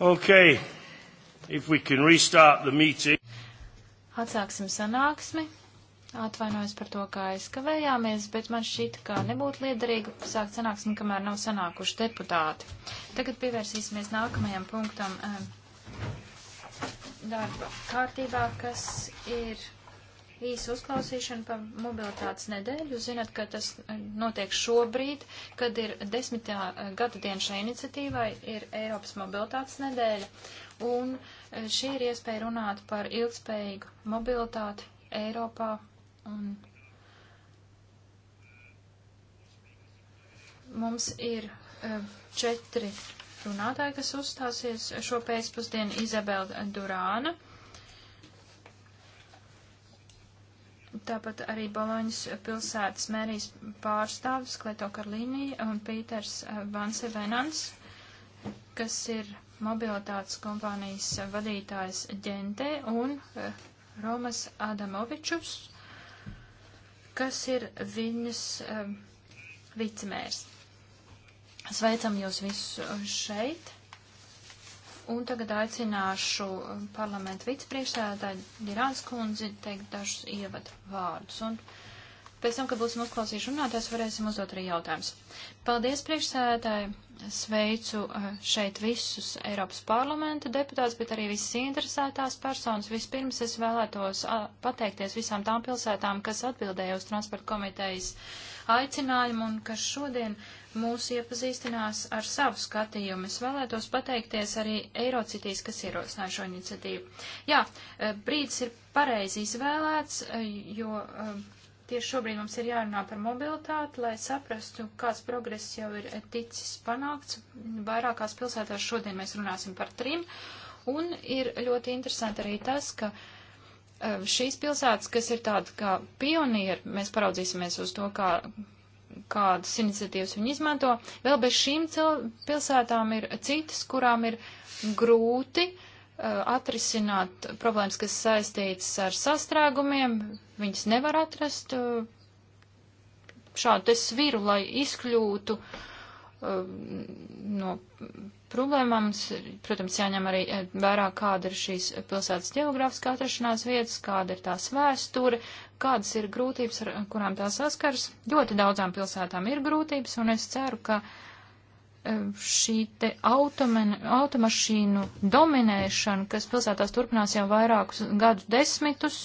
Okay. If we can restart the meeting. Atsāksim sanāksmi. Atvainojos par to, kā aizkavējāmies, bet man šķita, ka nebūtu liederīgi sākt sanāksmi, kamēr nav sanākuši deputāti. Tagad pievērsīsimies nākamajam punktam eh, darba kārtībā, kas ir īsu uzklausīšanu par mobilitātes nedēļu. Jūs zināt, ka tas eh, notiek šobrīd, kad ir desmitā eh, gada diena šai iniciatīvai, ir Eiropas mobilitātes nedēļa. Un eh, šī ir iespēja runāt par ilgspējīgu mobilitāti Eiropā. Un mums ir četri runātāji, kas uzstāsies šo pēcpusdienu Izabela Durāna. Tāpat arī Boloņas pilsētas mērijas pārstāvis Kleto Karlīnī un Pīters eh, Vanse Venans, kas ir mobilitātes kompānijas vadītājs Ģente un eh, Romas Adamovičus, kas ir viņas eh, vicemērs. Sveicam jūs visus šeit. Un tagad aicināšu um, parlamentu vicepriekšsēdētāju Dirāns kundzi teikt dažus ievadu vārdus. Un pēc tam, kad būsim uzklausījuši runātājs, varēsim uzdot arī jautājumus. Paldies priekšsēdētāji! Sveicu uh, šeit visus Eiropas parlamenta deputātus, bet arī visas interesētās personas. Vispirms es vēlētos uh, pateikties visām tām pilsētām, kas atbildēja uz transporta komitejas uh, aicinājumu un kas šodien mūs iepazīstinās ar savu skatījumu. Es vēlētos pateikties arī Eirocitīs, kas ierosināja šo iniciatīvu. Jā, e, brīdis ir pareizi izvēlēts, e, jo e, tieši šobrīd mums ir jārunā par mobilitāti, lai saprastu, kāds progress jau ir ticis panākts. Vairākās pilsētās šodien mēs runāsim par trim. Un ir ļoti interesanti arī tas, ka uh, Ehm, šīs pilsētas, kas ir tāda kā pionieri, mēs paraudzīsimies uz to, kā, kādas iniciatīvas viņi izmanto. Vēl bez šīm pilsētām ir citas, kurām ir grūti uh, atrisināt problēmas, kas saistītas ar sastrēgumiem. Viņas nevar atrast uh, šādu sviru, lai izkļūtu uh, Um, no problēmām. Protams, jāņem arī eh, vērā, kāda ir šīs pilsētas geogrāfiskā atrašanās vietas, kāda ir tās vēsture, kādas ir grūtības, ar kurām tā saskars. Ļoti daudzām pilsētām ir grūtības, un es ceru, ka eh, šī te automen, automašīnu dominēšana, kas pilsētās turpinās jau vairākus gadus desmitus,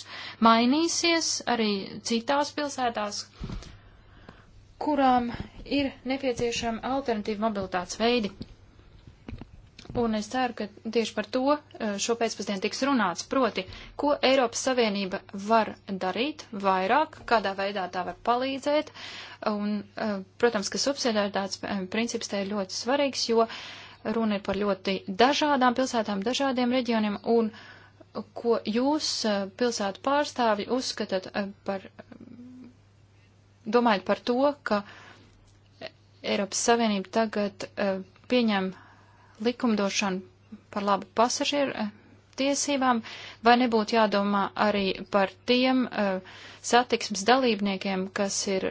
mainīsies arī citās pilsētās kurām ir nepieciešama alternatīva mobilitātes veidi. Un es ceru, ka tieši par to eh, šo pēcpusdienu tiks runāts, proti, ko Eiropas Savienība var darīt vairāk, kādā veidā tā var palīdzēt. Un, eh, protams, ka subsidiaritātes eh, princips te ir ļoti svarīgs, jo runa ir par ļoti dažādām pilsētām, dažādiem reģioniem, un ko jūs, pilsētu pārstāvi, uzskatāt par domājot par to, ka Eiropas Savienība tagad uh, pieņem likumdošanu par labu pasažieru uh, tiesībām, vai nebūtu jādomā arī par tiem uh, satiksmes dalībniekiem, kas ir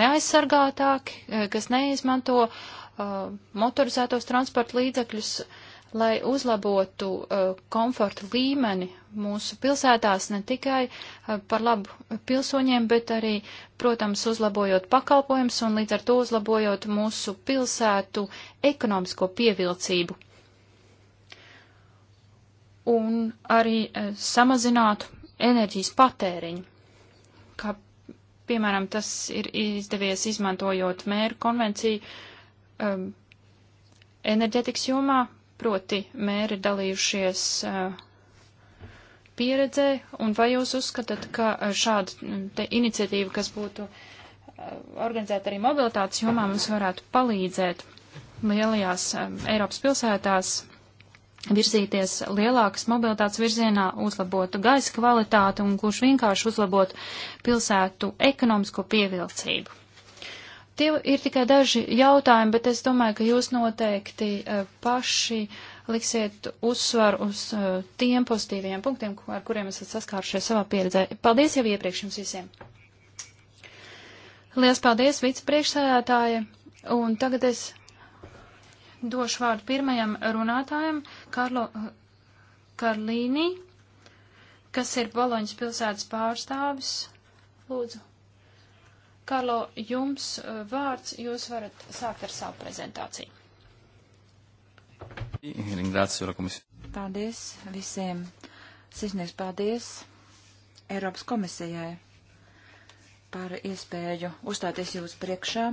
neaizsargātāki, kas neizmanto motorizētos transporta līdzekļus, uh, lai uzlabotu uh, komforta līmeni mūsu pilsētās ne tikai uh, par labu pilsoņiem, bet arī, protams, uzlabojot pakalpojums un līdz ar to uzlabojot mūsu pilsētu ekonomisko pievilcību. Un arī uh, samazinātu enerģijas patēriņu, kā, piemēram, tas ir izdevies izmantojot mēru konvenciju um, enerģetikas jomā, proti mēri dalījušies eh, pieredzē, un vai jūs uzskatāt, ka eh, šāda mm, iniciatīva, kas būtu eh, organizēta arī mobilitātes jomā, mums varētu palīdzēt lielajās Eiropas pilsētās virzīties lielākas mobilitātes virzienā, uzlabotu gaisa kvalitāti un gluži vienkārši uzlabotu pilsētu ekonomisko pievilcību? Tie ir tikai daži jautājumi, bet es domāju, ka jūs noteikti e, paši liksiet uzsvaru uz e, tiem pozitīviem punktiem, ar kuriem esat saskārušies savā pieredzē. Paldies jau iepriekš jums visiem! Lielas paldies vicepriekšsēdētāja! Un tagad es došu vārdu pirmajam runātājam, Karlo e, Karlīnī, kas ir Boloņas pilsētas pārstāvis. Lūdzu. Karlo, jums eh, vārds, jūs varat sākt ar savu prezentāciju. Paldies visiem. Sirsnieks paldies Eiropas komisijai par iespēju uzstāties jūsu priekšā.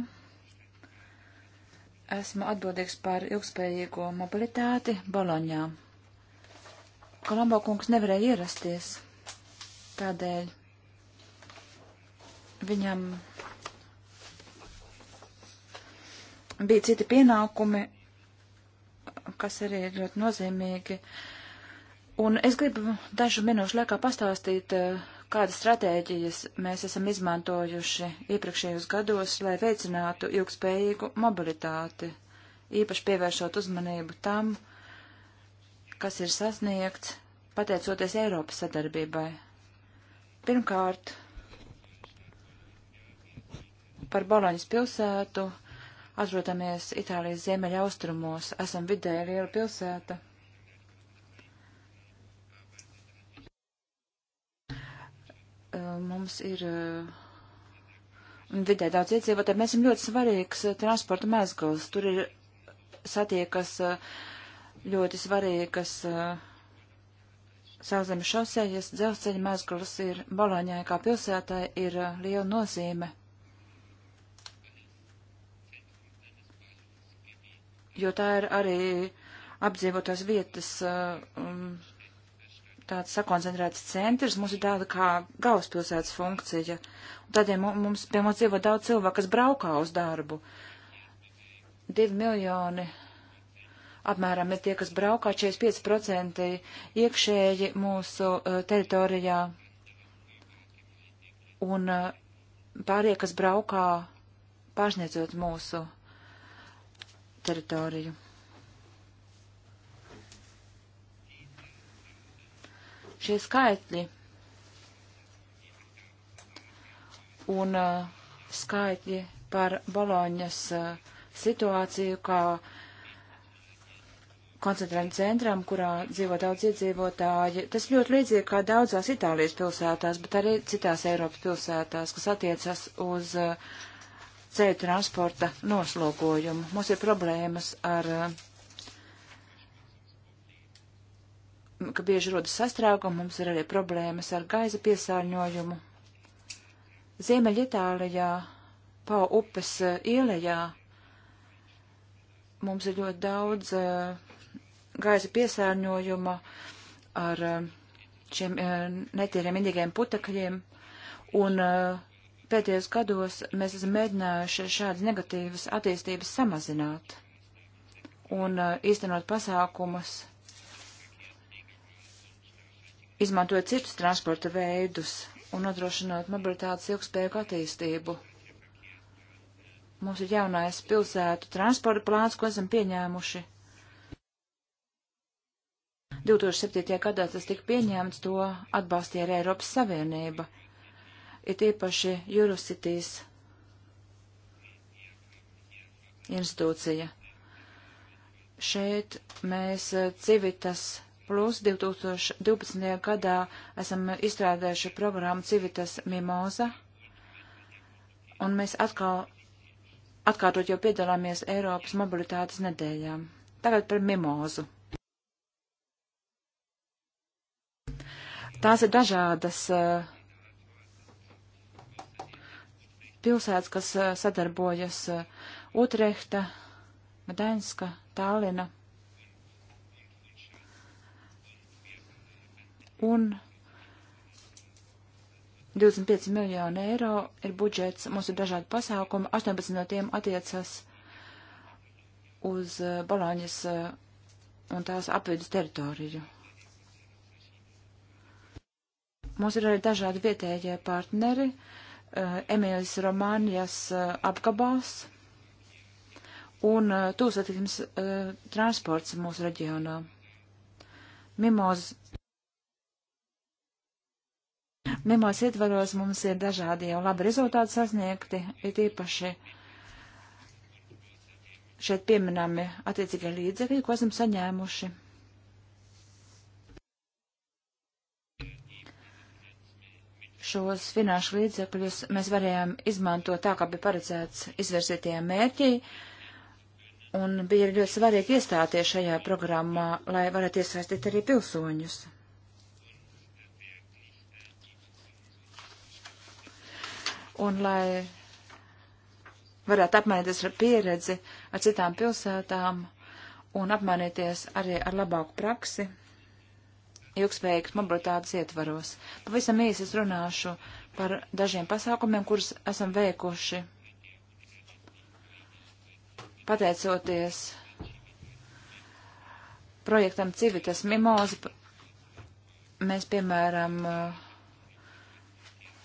Esmu atbildīgs par ilgspējīgo mobilitāti Boloņā. Kolombo kungs nevarēja ierasties, tādēļ viņam bija citi pienākumi, kas arī ir ļoti nozīmīgi. Un es gribu dažu minūšu laikā pastāstīt, eh, kādas stratēģijas mēs esam izmantojuši iepriekšējos gados, lai veicinātu ilgspējīgu mobilitāti, īpaši pievēršot uzmanību tam, kas ir sasniegts pateicoties Eiropas sadarbībai. Pirmkārt, par Boloņas pilsētu atrodamies Itālijas ziemeļa austrumos, esam vidēji liela pilsēta. Mums ir vidē daudz iedzīvotāju, mēs esam ļoti svarīgs transporta mezgals. Tur ir satiekas ļoti svarīgas sauszemes šosejas, dzelzceļa mezgals ir Boloņai kā pilsētai ir liela nozīme. jo tā ir arī apdzīvotās vietas uh, um, tāds sakoncentrēts centrs, mums ir tāda kā galvaspilsētas funkcija. Un tādēļ mums pie mums dzīvo daudz cilvēku, kas braukā uz darbu. Divi miljoni apmēram ir tie, kas braukā 45% iekšēji mūsu uh, teritorijā. Un uh, pārie, kas braukā pārsniedzot mūsu teritoriju. Šie skaitļi un uh, skaitļi par Boloņas uh, situāciju, kā koncentrējumu centram, kurā dzīvo daudz iedzīvotāji. Tas ļoti līdzīgi kā daudzās Itālijas pilsētās, bet arī citās Eiropas pilsētās, kas attiecas uz uh, ceļu transporta noslogojumu. Mums ir problēmas ar, eh, ka bieži rodas sastrēgumi, mums ir arī problēmas ar gaisa piesārņojumu. Ziemeļitālijā, pa upes eh, ielējā, mums ir ļoti daudz eh, gaisa piesārņojuma ar šiem netīriem indīgiem putekļiem, un uh, Pēdējos gados mēs esam mēģinājuši šādas negatīvas attīstības samazināt un uh, īstenot pasākumus, izmantojot citus transporta veidus un nodrošinot mobilitātes ilgspējīgu attīstību. Mums ir jaunais pilsētu transporta plāns, ko esam pieņēmuši. 2007. gadā tas tika pieņēmts, to atbalstīja arī Eiropas Savienība it īpaši Eurocities institūcija. Šeit mēs eh, Civitas plus 2012. gadā esam izstrādājuši programmu Civitas Mimoza, un mēs atkal atkārtot jau piedalāmies Eiropas mobilitātes nedēļām. Tagad par mimozu. Tās ir dažādas uh, pilsētas, kas eh, sadarbojas eh, Utrehta, Gdaņska, Tallina. Un 25 miljoni eiro ir budžets, mums ir dažādi pasākumi, 18 no tiem attiecas uz eh, Boloņas un tās apvidus teritoriju. Mums ir arī dažādi vietējie partneri, uh, Eh, Emīlijas Romānijas eh, apgabals un eh, tūsatiksmes transports mūsu reģionā. Mimoz, mimoz ietvaros mums ir dažādi jau labi rezultāti sasniegti, ir īpaši šeit pieminami attiecīgie līdzekļi, ko esam saņēmuši. šos finanšu līdzekļus mēs varējām izmantot tā, kā bija paredzēts izvirzītajiem mērķī, un bija ļoti svarīgi iestāties šajā programmā, lai varētu iesaistīt arī pilsoņus. Un lai varētu apmainīties ar pieredzi ar citām pilsētām un apmainīties arī ar labāku praksi ilgspējīgas mobilitātes ietvaros. Pavisam īsi es runāšu par dažiem pasākumiem, kurus esam veikuši pateicoties projektam Civitas Mimoza. Mēs, piemēram,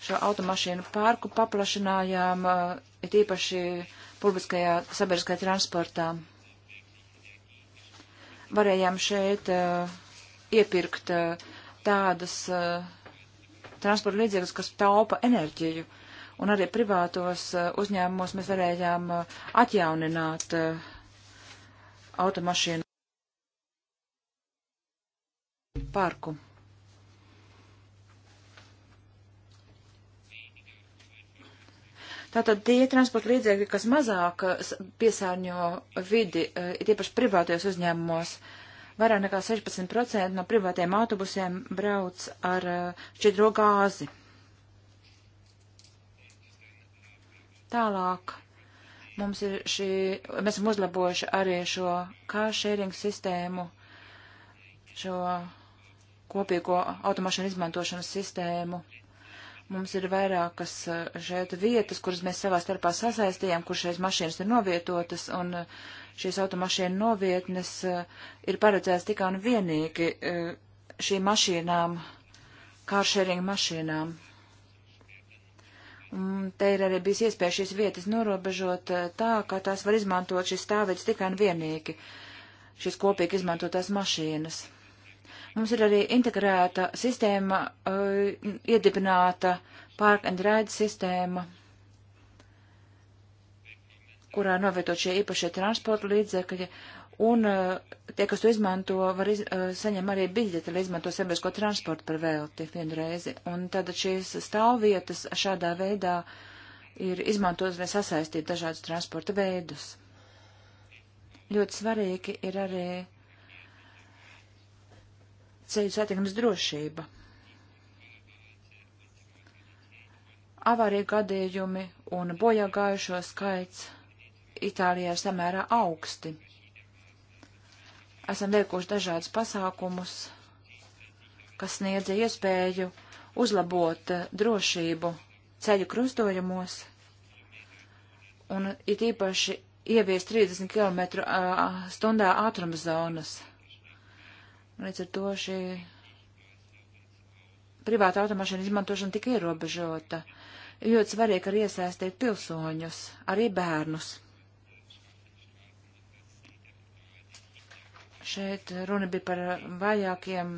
šo automašīnu pārku paplašinājām, it īpaši publiskajā sabiedriskajā transportā. Varējām šeit uh, iepirkt eh, tādas eh, transporta līdzekļus, kas taupa enerģiju. Un arī privātos eh, uzņēmumos mēs varējām atjaunināt automašīnu parku. Tātad tie transporta līdzekļi, kas mazāk piesārņo vidi, ir tiepaši privātajos uzņēmumos, uh, Vairāk nekā 16% no privātiem autobusiem brauc ar eh, šķidro gāzi. Tālāk mums ir šī, mēs esam uzlabojuši arī šo car-sharing sistēmu, šo kopīgo automašīnu izmantošanas sistēmu. Mums ir vairākas eh, šeit vietas, kuras mēs savā starpā sasaistījām, kur šeit mašīnas ir novietotas, un eh, šīs automašīnu novietnes eh, ir paredzēts tikai un vienīgi eh, šīm mašīnām, kāršēringa mašīnām. Un te ir arī bijis iespēja šīs vietas norobežot eh, tā, ka tās var izmantot šis stāvīts tikai un vienīgi, šīs kopīgi izmantotās mašīnas. Mums ir arī integrēta sistēma, iedibināta park and ride sistēma kurā novietot šie īpašie transporta līdzekļi, un eh, tie, kas to izmanto, var iz, eh, saņem arī biļeti, lai izmanto sabiedrisko transportu par vēlti vienu reizi. Un tad šīs stāvvietas šādā veidā ir izmantotas, lai sasaistītu dažādus transporta veidus. Ļoti svarīgi ir arī ceļu satiksmes drošība. Avārija gadījumi un bojāgājušo skaits Itālijā ir samērā augsti. Esam veikuši dažādus pasākumus, kas sniedza iespēju uzlabot eh, drošību ceļu krustojumos un it īpaši ievies 30 km stundā ātruma zonas. Līdz ar to šī privāta automašīna izmantošana tik ierobežota. Ļoti svarīgi arī iesaistīt pilsoņus, arī bērnus. Šeit runa bija par vājākiem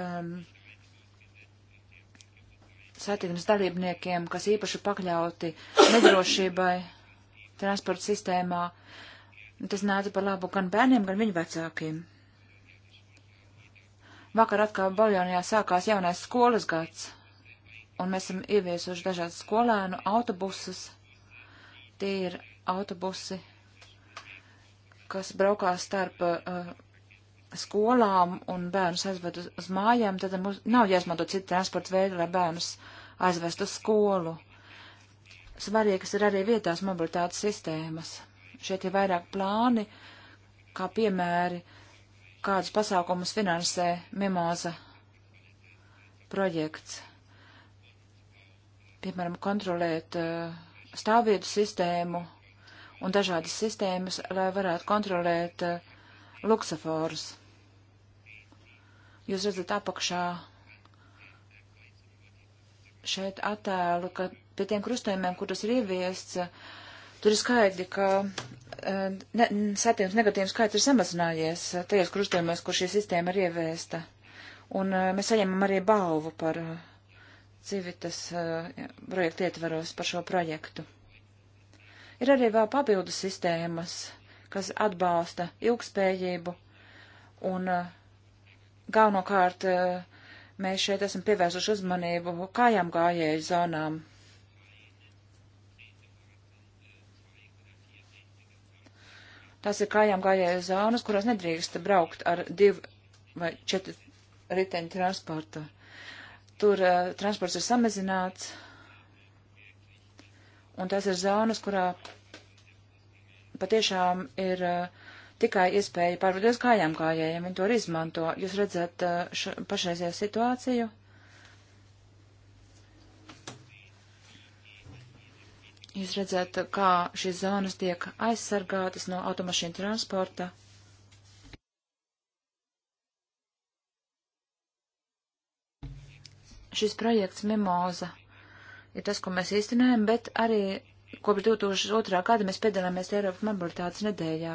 um, satiksmes dalībniekiem, kas īpaši pakļauti nedrošībai transporta sistēmā. Tas nāca par labu gan bērniem, gan viņu vecākiem. Vakar atkal Baljonijā sākās jaunais skolas gads, un mēs esam ieviesuši dažādas skolēnu autobusus. Tie ir autobusi, kas braukās starp uh, skolām un bērnus aizved uz, uz mājām, tad mums nav jāizmanto citu transporta veidu, lai bērnus aizvest uz skolu. Svarīgas ir arī vietās mobilitātes sistēmas. Šeit ir vairāk plāni, kā piemēri, kādus pasākumus finansē Mimoza projekts. Piemēram, kontrolēt uh, stāvvietu sistēmu un dažādas sistēmas, lai varētu kontrolēt uh, luksaforus. Jūs redzat apakšā šeit attēlu, ka pie tiem krustojumiem, kur tas ir ieviests, tur ir skaidri, ka e, ne, satīms negatīvs skaits ir samazinājies tajos krustojumos, kur šī sistēma ir ieviesta. Un e, mēs saņemam arī balvu par e, civitas projektu ietvaros par šo projektu. Ir arī vēl papildu sistēmas kas atbalsta ilgspējību un eh, galvenokārt eh, mēs šeit esam pievērsuši uzmanību kājām gājēju zonām. Tās ir kājām gājēju zonas, kurās nedrīkst braukt ar divu vai četru riteņu transportu. Tur uh, transports ir samazināts, un tās ir zonas, kurā patiešām ir eh, tikai iespēja pārvadoties kājām kājējiem, viņi to arī izmanto. Jūs redzat eh, pašreizējo situāciju? Jūs redzat, kā šīs zonas tiek aizsargātas no automašīnu transporta. Šis projekts Mimoza ir tas, ko mēs īstenējam, bet arī kopš 2002. gada mēs piedalāmies Eiropas mobilitātes nedēļā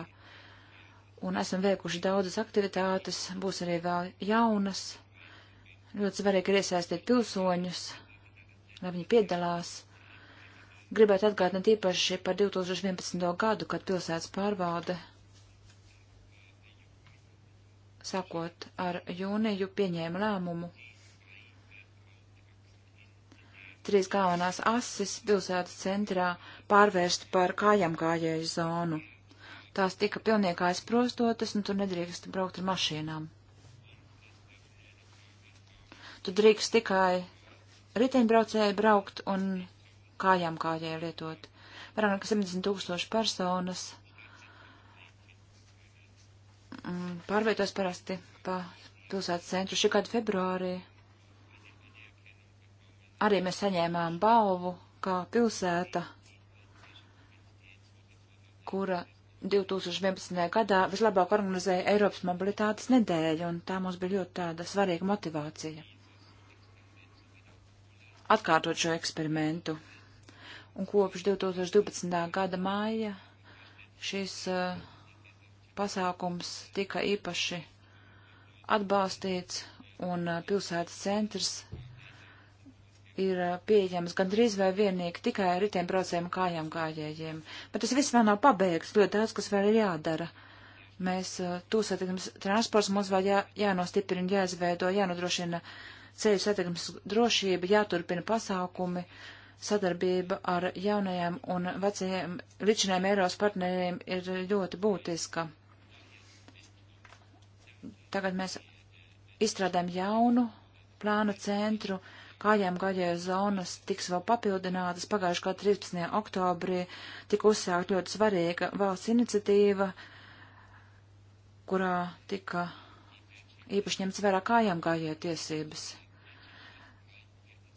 un esam veikuši daudzas aktivitātes, būs arī vēl jaunas. Ļoti svarīgi ir iesaistīt pilsoņus, lai viņi piedalās. Gribētu atgādināt īpaši par 2011. gadu, kad pilsētas pārvalde sākot ar jūniju pieņēma lēmumu trīs galvenās asis pilsētas centrā pārvērst par kājamkājēju zonu. Tās tika pilnīgi aizprostotas, un tur nedrīkst braukt ar mašīnām. Tu drīkst tikai riteņbraucēji braukt un kājamkājēju lietot. Vairāk nekā 70 tūkstoši personas mm, pārvietos parasti pa pilsētas centru šī gada februārī arī mēs saņēmām balvu kā pilsēta, kura 2011. gadā vislabāk organizēja Eiropas mobilitātes nedēļu, un tā mums bija ļoti tāda svarīga motivācija atkārtot šo eksperimentu. Un kopš 2012. gada māja šis uh, pasākums tika īpaši atbalstīts, un uh, pilsētas centrs ir eh, pieejams gandrīz vai vienīgi tikai ritiem braucējiem kājām kājējiem. Bet tas viss vēl nav pabeigts, ļoti daudz, kas vēl ir jādara. Mēs eh, tūsatikums transports mums vēl jā, jānostiprina, jāizveido, jānodrošina ceļu satikums drošība, jāturpina pasākumi, sadarbība ar jaunajiem un vecajiem ličiniem Eiropas partneriem ir ļoti būtiska. Tagad mēs izstrādājam jaunu plānu centru, uh, kājām gaļējas zonas tiks vēl papildinātas. Pagājušā gada 13. oktobrī tika uzsākt ļoti svarīga valsts iniciatīva, kurā tika īpaši ņemts vērā kājām gaļēja tiesības.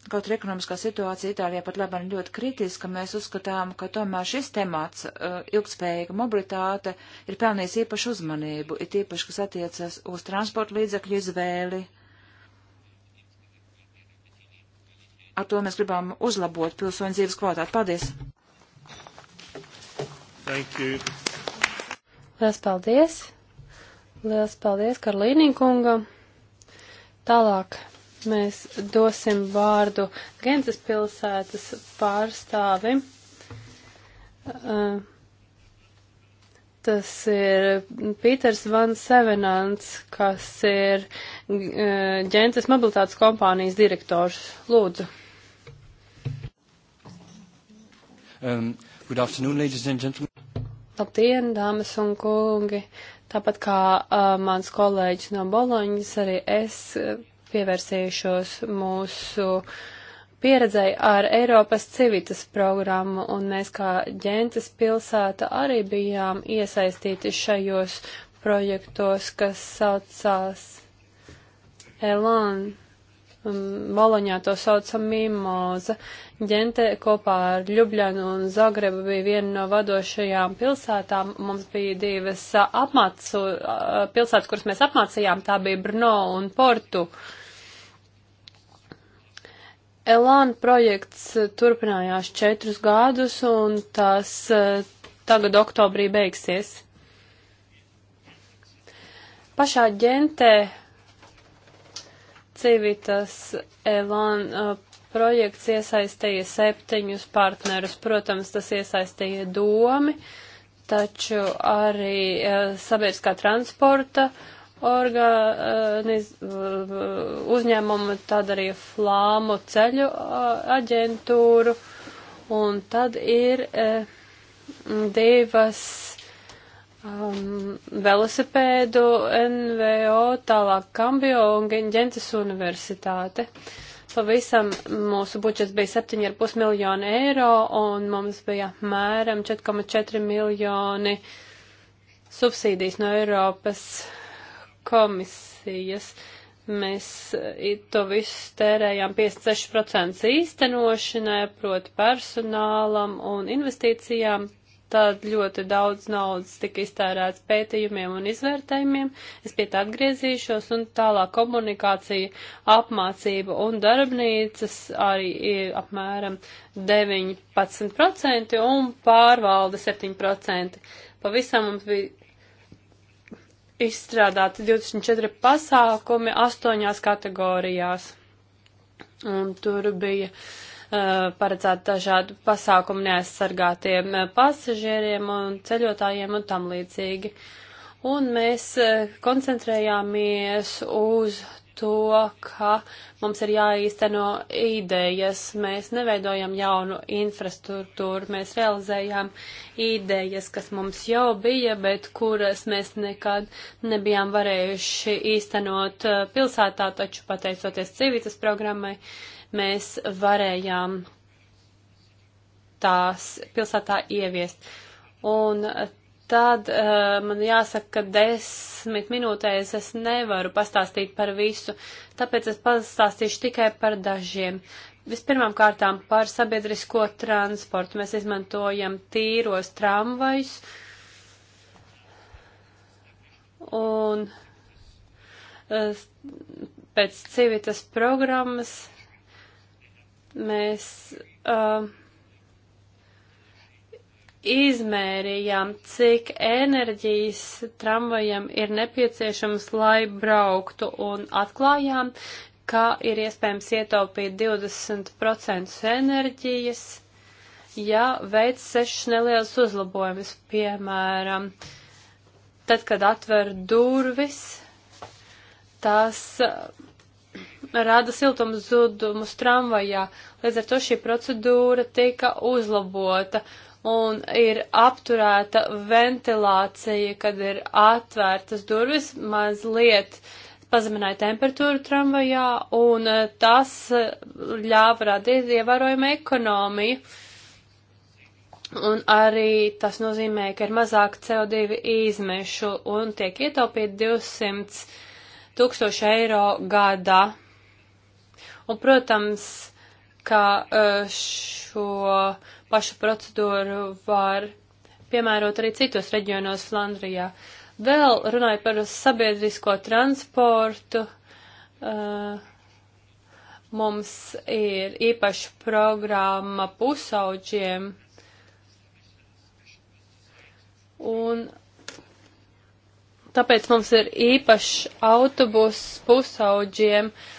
Kaut arī ekonomiskā situācija Itālijā pat labāk ļoti kritiska, mēs uzskatām, ka tomēr šis temats, eh, ilgspējīga mobilitāte, ir pelnījis īpašu uzmanību, ir īpaši, kas attiecas uz transporta līdzekļu izvēli ar to mēs gribam uzlabot pilsoņu dzīves kvalitāti. Paldies! Thank you. Lielas paldies! Lielas paldies Karlīnī kungam! Tālāk mēs dosim vārdu Gentes pilsētas pārstāvim. Uh, tas ir Pīters Van Sevenants, kas ir ģentes eh, mobilitātes kompānijas direktors. Lūdzu. Um, good afternoon, ladies and gentlemen. Labdien, dāmas un kungi! Tāpat kā uh, mans kolēģis no Boloņas, arī es uh, pievērsīšos mūsu pieredzei ar Eiropas civitas programmu, un mēs kā ģentes pilsēta arī bijām iesaistīti šajos projektos, kas saucās Elon. Mm, Boloņā to sauca Mimoza. Ģente kopā ar Ljubļanu un Zagrebu bija viena no vadošajām pilsētām. Mums bija divas apmācu, pilsētas, kuras mēs apmācījām, tā bija Brno un Portu. Elan projekts turpinājās četrus gadus un tas tagad oktobrī beigsies. Pašā ģentē Civitas Elan uh, projekts iesaistīja septiņus partnerus. Protams, tas iesaistīja domi, taču arī uh, sabiedriskā transporta organiz, uh, uzņēmumu, tad arī flāmu ceļu aģentūru. Un tad ir divas um, velosipēdu NVO, tālāk Kambio un Ģentes universitāte. Pavisam mūsu budžets bija 7,5 miljoni eiro un mums bija apmēram 4,4 miljoni subsīdijas no Eiropas komisijas. Mēs to visu tērējām 56% īstenošanai, proti personālam un investīcijām, tad ļoti daudz naudas tika iztērēts pētījumiem un izvērtējumiem. Es pie tā atgriezīšos un tālāk komunikācija, apmācība un darbnīcas arī ir apmēram 19% un pārvalde 7%. Pavisam mums bija izstrādāti 24 pasākumi astoņās kategorijās. Un tur bija uh, Uh, paredzēt dažādu pasākumu neaizsargātiem uh, pasažieriem un ceļotājiem un tam līdzīgi. Un mēs uh, koncentrējāmies uz to, ka mums ir jāīsteno idejas, mēs neveidojam jaunu infrastruktūru, mēs realizējām idejas, kas mums jau bija, bet kuras mēs nekad nebijām varējuši īstenot pilsētā, taču pateicoties civitas programmai, uh, mēs varējām tās pilsētā ieviest. Un tad uh, man jāsaka, ka desmit minūtēs es nevaru pastāstīt par visu, tāpēc es pastāstīšu tikai par dažiem. Vispirmām kārtām par sabiedrisko transportu. Mēs izmantojam tīros tramvajus un uh, pēc civitas programmas Mēs uh, izmērījām, cik enerģijas tramvajam ir nepieciešams, lai brauktu, un atklājām, ka ir iespējams ietaupīt 20% enerģijas, ja veic sešas nelielas uzlabojumus, piemēram, tad, kad atver durvis, tās rada siltums zudumus tramvajā. Līdz ar to šī procedūra tika uzlabota un ir apturēta ventilācija, kad ir atvērtas durvis mazliet. Pazemināja temperatūru tramvajā, un eh, tas eh, ļāva radīt ievērojumu ekonomiju. Un arī tas nozīmē, ka ir mazāk CO2 izmešu un tiek ietaupīt 200 tūkstoši eiro gadā. Un, protams, ka eh, šo pašu procedūru var piemērot arī citos reģionos Flandrijā. Vēl runāju par sabiedrisko transportu. Eh, mums ir īpaša programma pusauģiem. Un tāpēc mums ir īpašs autobus pusauģiem, uh,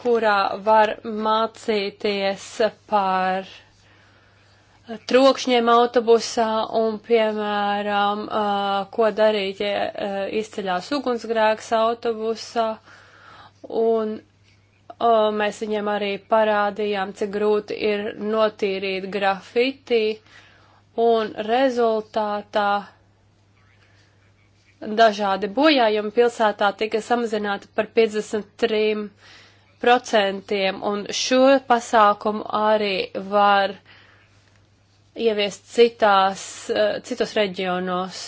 kurā var mācīties par trokšņiem autobusā un, piemēram, ko darīt, ja izceļās ugunsgrēks autobusā. Un mēs viņiem arī parādījām, cik grūti ir notīrīt grafiti, un rezultātā dažādi bojājumi pilsētā tika samazināti par 53 procentiem, un šo pasākumu arī var ieviest citās, eh, citos reģionos.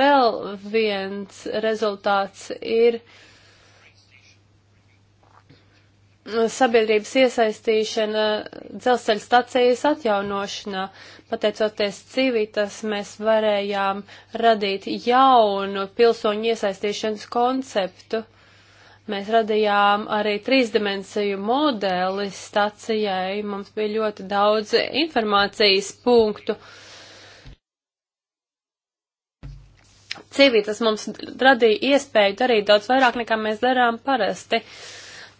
Vēl viens rezultāts ir sabiedrības iesaistīšana dzelzceļa stacijas atjaunošanā. Pateicoties civitas, mēs varējām radīt jaunu pilsoņu iesaistīšanas konceptu. Uh, Mēs radījām arī trīsdimensiju modeli stacijai, mums bija ļoti daudz informācijas punktu. Civītas mums radīja iespēju darīt daudz vairāk nekā mēs darām parasti.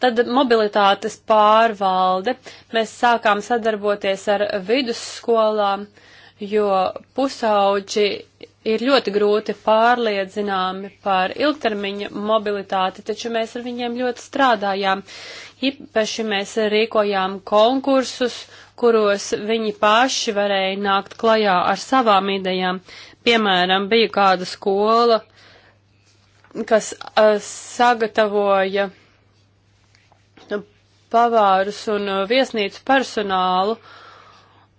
Tad mobilitātes pārvalde. Mēs sākām sadarboties ar vidusskolām, jo pusauģi ir ļoti grūti pārliecināmi par ilgtermiņa mobilitāti, taču mēs ar viņiem ļoti strādājām. Īpaši mēs rīkojām konkursus, kuros viņi paši varēja nākt klajā ar savām idejām. Piemēram, bija kāda skola, kas uh, sagatavoja pavārus un viesnīcu personālu,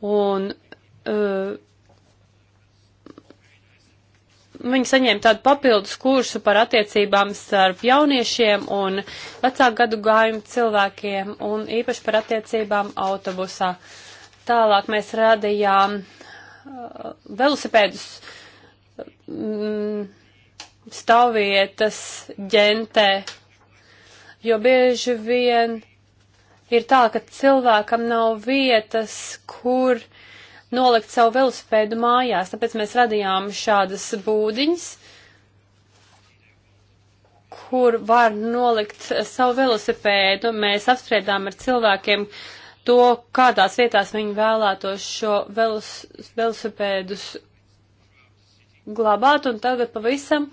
un uh, viņi saņēma tādu papildus kursu par attiecībām starp jauniešiem un vecāku gadu gājumu cilvēkiem un īpaši par attiecībām autobusā. Tālāk mēs radījām uh, velosipēdus mm, stāvvietas ģentē, jo bieži vien ir tā, ka cilvēkam nav vietas, kur uh, nolikt savu velospēdu mājās, tāpēc mēs radījām šādas būdiņas, kur var nolikt savu velosipēdu. Mēs apspriedām ar cilvēkiem to, kādās vietās viņi vēlētos šo velos, velosipēdus glabāt, un tagad pavisam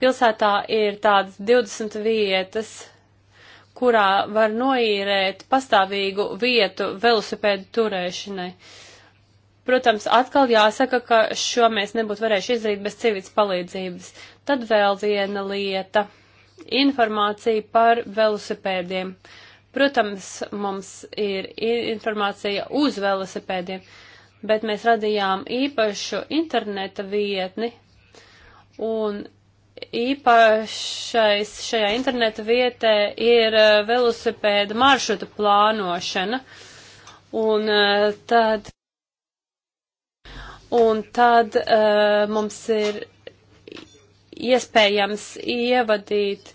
pilsētā ir tādas 20 vietas, kurā var noīrēt pastāvīgu vietu velosipēdu turēšanai. Uh, Protams, atkal jāsaka, ka šo mēs nebūtu varējuši izdarīt bez civītas palīdzības. Tad vēl viena lieta - informācija par velosipēdiem. Protams, mums ir informācija uz velosipēdiem, bet mēs radījām īpašu interneta vietni, un īpašais šajā interneta vietē ir eh, velosipēda maršruta plānošana, un eh, tad Un tad uh, mums ir iespējams ievadīt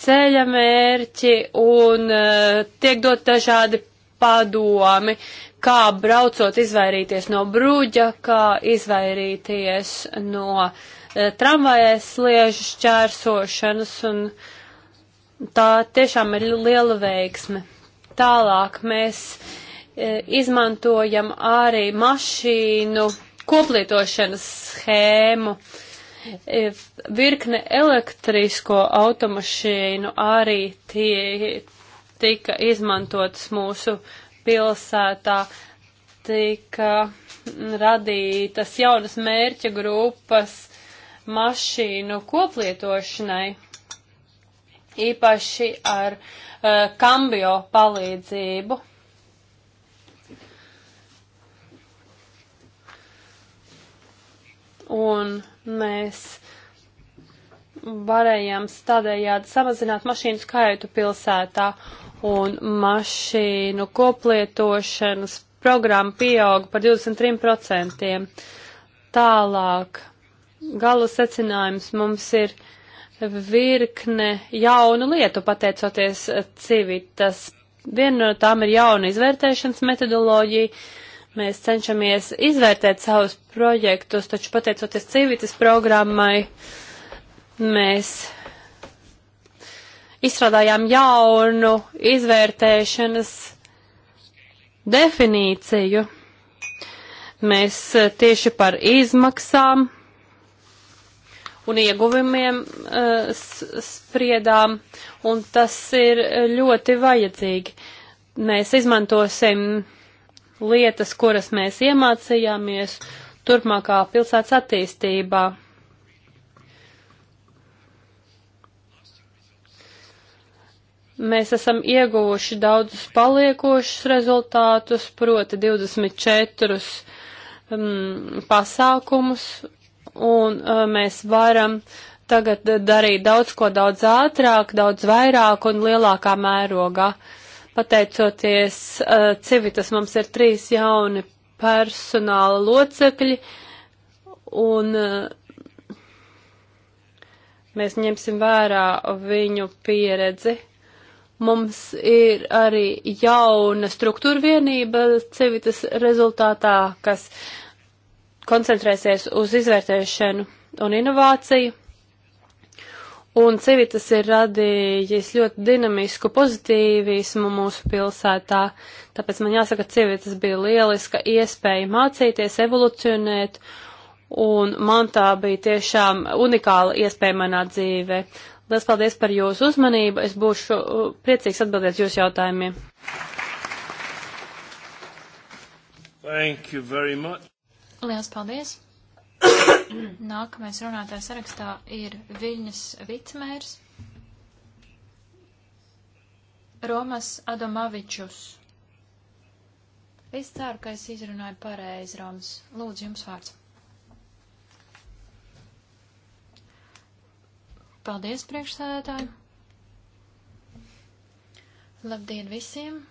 ceļa mērķi un uh, tiek dot dažādi padomi, kā braucot izvairīties no bruģa, kā izvairīties no uh, eh, tramvajai sliežu šķērsošanas un tā tiešām ir liela veiksme. Tālāk mēs uh, E, izmantojam arī mašīnu koplietošanas schēmu. E, virkne elektrisko automašīnu arī tie tika izmantotas mūsu pilsētā, tika radītas jaunas mērķa grupas mašīnu koplietošanai, īpaši ar uh, kambio palīdzību. un mēs varējām tādējādi samazināt mašīnu skaitu pilsētā un mašīnu koplietošanas programma pieauga par 23%. Tālāk, gala secinājums mums ir virkne jaunu lietu, pateicoties civitas. Viena no tām ir jauna izvērtēšanas metodoloģija, Mēs cenšamies izvērtēt savus projektus, taču pateicoties civitas programmai, mēs izstrādājām jaunu izvērtēšanas definīciju. Mēs eh, tieši par izmaksām un ieguvumiem eh, spriedām, un tas ir eh, ļoti vajadzīgi. Mēs izmantosim lietas, kuras mēs iemācījāmies turpmākā pilsētas attīstībā. Mēs esam ieguvuši daudzus paliekošus rezultātus, proti 24 um, mm, pasākumus, un uh, mēs varam tagad darīt daudz ko daudz ātrāk, daudz vairāk un lielākā mērogā. Uh, Pateicoties uh, Civitas, mums ir trīs jauni personāla locekļi, un uh, mēs ņemsim vērā viņu pieredzi. Mums ir arī jauna struktūra vienība Civitas rezultātā, kas koncentrēsies uz izvērtēšanu un inovāciju. Un Civitas ir radījis ļoti dinamisku pozitīvismu mūsu pilsētā, tāpēc man jāsaka, Civitas bija lieliska iespēja mācīties, evolucionēt, un man tā bija tiešām unikāla iespēja manā dzīvē. Lielas paldies par jūsu uzmanību, es būšu uh, priecīgs atbildēt jūsu jautājumiem. Lielas paldies! Nākamais runātājs sarakstā ir Viļņas Vicmērs, Romas Adomavičus. Es ceru, ka es izrunāju pareizi, Romas. Lūdzu, jums vārds. Paldies, priekšsēdētāji! Labdien visiem!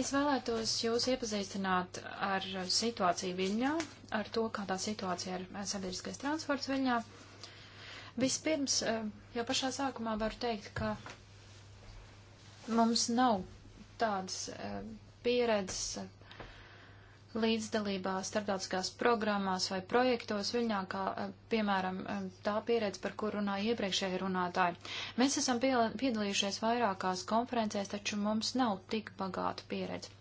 Es vēlētos jūs iepazīstināt ar situāciju Viļņā, ar to, kādā situācijā ir eh, sabiedriskais transports Viļņā. Vispirms, eh, jau pašā sākumā varu teikt, ka mums nav tādas eh, pieredzes līdzdalībā starptautiskās programmās vai projektos Viļņā, kā eh, piemēram eh, tā pieredze, par kur runāja iepriekšēji runātāji. Mēs esam piedalījušies vairākās konferencēs, taču mums nav tik bagāta pieredze.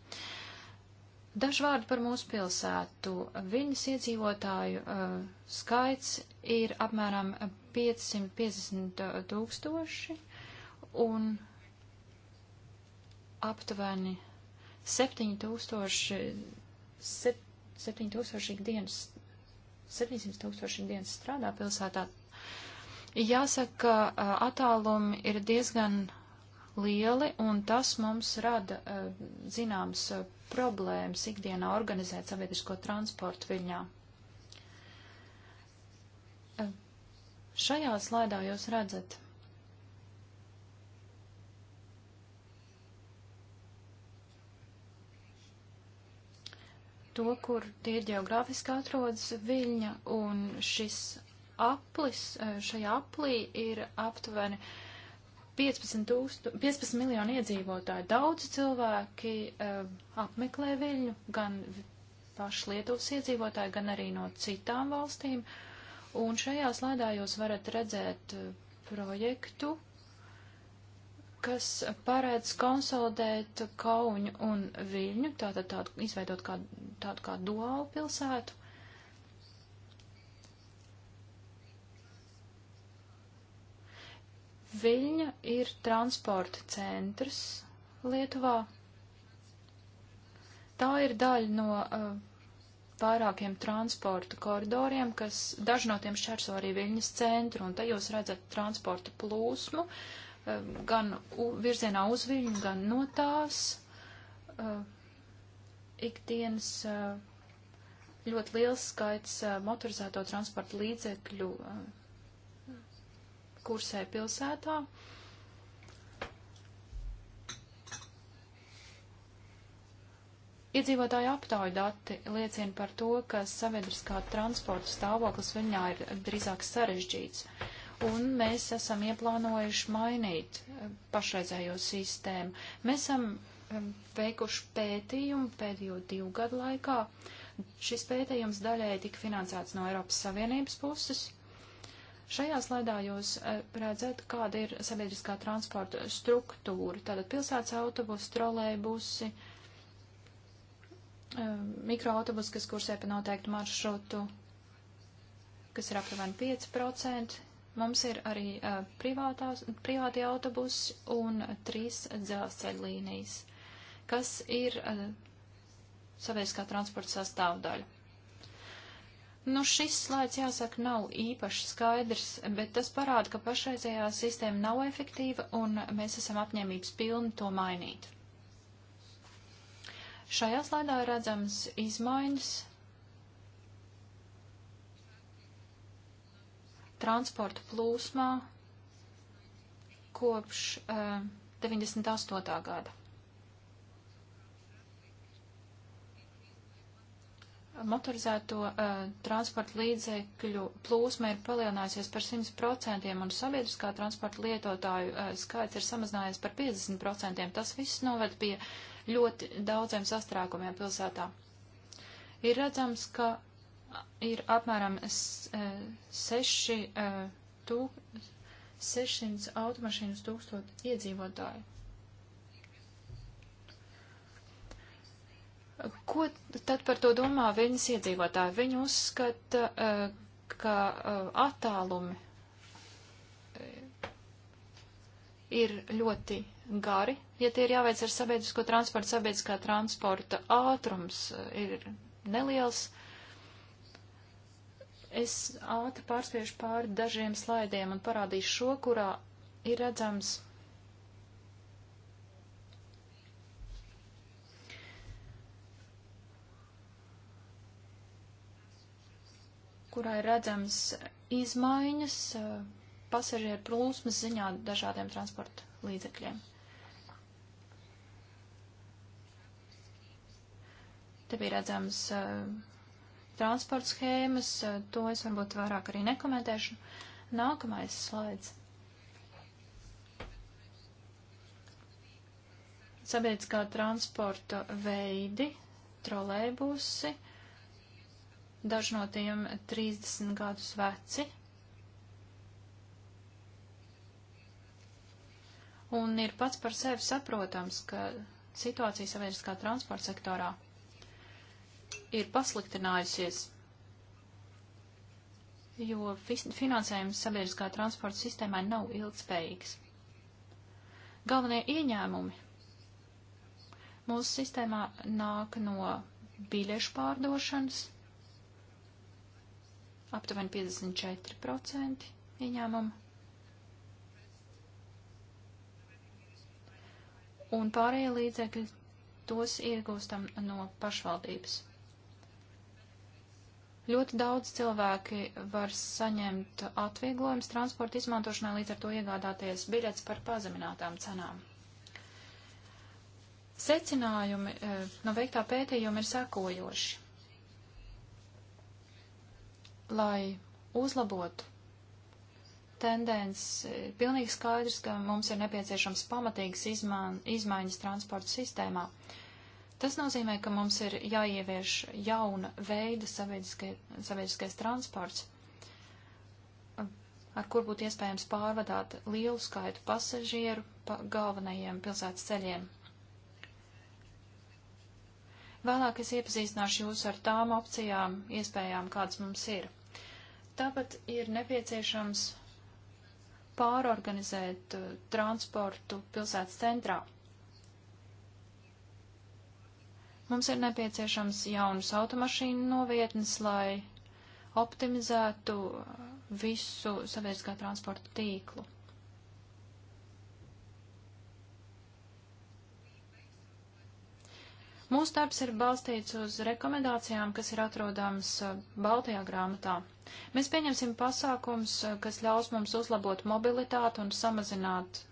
Dažu vārdu par mūsu pilsētu. Viņas iedzīvotāju uh, skaits ir apmēram 550 tūkstoši un aptuveni 7000 7000 dienas, 700 tūkstoši dienas strādā pilsētā. Jāsaka, attālumi ir diezgan lieli, un tas mums rada zināms problēmas ikdienā organizēt sabiedrisko transportu Viļņā. Šajā slaidā jūs redzat to, kur tie geogrāfiski atrodas Viļņa, un šis aplis, e, šajā aplī ir aptuveni 15, tūkstu, 15 miljonu iedzīvotāju. Daudz cilvēki uh, apmeklē Viļņu, gan paši Lietuvas iedzīvotāji, gan arī no citām valstīm. Un šajā slēdā jūs varat redzēt e, projektu, kas paredz konsolidēt Kauņu un Viļņu, tātad tādu, izveidot kā, tādu kā duālu pilsētu. Viļņa ir transporta centrs Lietuvā. Tā ir daļa no uh, vairākiem transporta koridoriem, kas daži no tiem šķērso arī Viļņas centru, un te jūs redzat transporta plūsmu. Uh, Ehm, gan virzienā uz viņu, gan no tās ehm, ikdienas ehm, ļoti liels skaits motorizēto transporta līdzekļu kursē pilsētā. Iedzīvotāju aptauju dati liecina par to, ka sabiedriskā transporta stāvoklis viņā ir drīzāk sarežģīts. Uh, un mēs esam ieplānojuši mainīt eh, pašreizējo sistēmu. Mēs esam eh, veikuši pētījumu pēdējo divu gadu laikā. Šis pētījums daļēji tika finansēts no Eiropas Savienības puses. Šajā slaidā jūs eh, redzat, kāda ir sabiedriskā transporta struktūra. Tātad pilsētas autobusi, trolēbusi, mikroautobusi, kas kursē pa noteiktu maršrutu, kas ir aptuveni 5%, Mums ir arī uh, privātās, privāti autobusi un trīs dzelzceļa līnijas, kas ir uh, sabiedriskā transporta sastāvdaļa. Nu, šis slaids, jāsaka, nav īpaši skaidrs, bet tas parāda, ka pašreizējā sistēma nav efektīva un mēs esam apņēmības pilni to mainīt. Šajā slaidā redzams izmaiņas, transporta plūsmā kopš uh, eh, 98. gada. Motorizēto uh, transporta līdzekļu plūsma ir palielinājusies par 100% un sabiedriskā transporta lietotāju uh, skaits ir samazinājies par 50%. Tas viss noved pie ļoti daudziem sastrēgumiem pilsētā. Ir redzams, ka ir apmēram 600 e, e, automašīnu uz tūkstotu iedzīvotāju. Ko tad par to domā viņas iedzīvotāji? Viņi uzskata, e, ka attālumi ir ļoti gari, ja tie ir jāveic ar sabiedrisko transportu, sabiedriskā transporta ātrums ir neliels. Es ātri pārspiešu pāri dažiem slaidiem un parādīšu šo, kurā ir redzams kurā ir redzams izmaiņas pasažieru plūsmas ziņā dažādiem transporta līdzekļiem. Te bija redzams transporta schēmas, eh, to es varbūt vairāk arī nekomentēšu. Nākamais slaids. Sabiedriskā transporta veidi, trolēbusi, daži no tiem 30 gadus veci. Un ir pats par sevi saprotams, ka situācija sabiedriskā transporta sektorā ir pasliktinājusies, jo finansējums sabiedriskā transporta sistēmai nav ilgspējīgs. Galvenie ieņēmumi mūsu sistēmā nāk no biļešu pārdošanas, aptuveni 54% ieņēmumu, un pārējie līdzekļi tos iegūstam no pašvaldības. Ļoti daudz cilvēki var saņemt atvieglojumus transporta izmantošanai, līdz ar to iegādāties biļets par pazeminātām cenām. Secinājumi eh, no veiktā pētījuma ir sekojoši. Lai uzlabotu tendence, eh, pilnīgi skaidrs, ka mums ir nepieciešams pamatīgas izmaiņas transporta sistēmā. Uh, Tas nozīmē, ka mums ir jāievieš jauna veida sabiedriskais, sabiedriskais transports, ar kur būtu iespējams pārvadāt lielu skaitu pasažieru pa galvenajiem pilsētas ceļiem. Vēlāk es iepazīstināšu jūs ar tām opcijām, iespējām, kādas mums ir. Tāpat ir nepieciešams pārorganizēt eh, transportu pilsētas centrā. Mums ir nepieciešams jaunas automašīnu novietnes, lai optimizētu visu sabiedriskā transporta tīklu. Mūsu darbs ir balstīts uz rekomendācijām, kas ir atrodams uh, Baltajā grāmatā. Mēs pieņemsim pasākums, uh, kas ļaus mums uzlabot mobilitāti un samazināt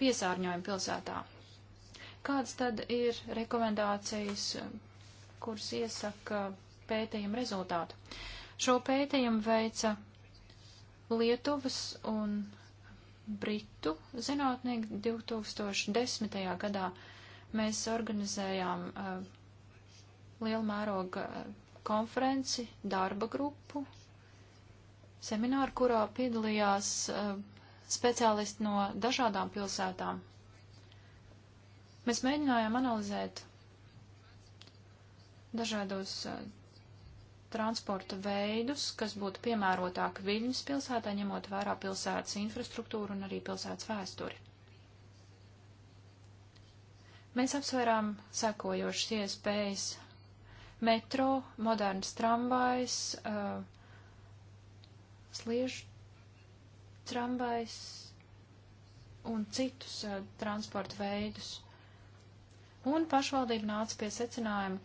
piesārņojumu pilsētā. Kādas tad ir rekomendācijas, kuras iesaka pētījuma rezultātu? Šo pētījumu veica Lietuvas un Britu zinātnieki 2010. gadā. Mēs organizējām uh, lielu mēroga uh, konferenci, darba grupu, semināru, kurā piedalījās uh, speciālisti no dažādām pilsētām Mēs mēģinājām analizēt dažādos uh, transporta veidus, kas būtu piemērotāki Viļņas pilsētā, ņemot vērā pilsētas infrastruktūru un arī pilsētas vēsturi. Mēs apsvērām sekojošas iespējas - metro, moderns tramvajs, uh, eh, sliežu tramvajs un citus uh, transporta veidus. Un pašvaldība nāca pie secinājuma,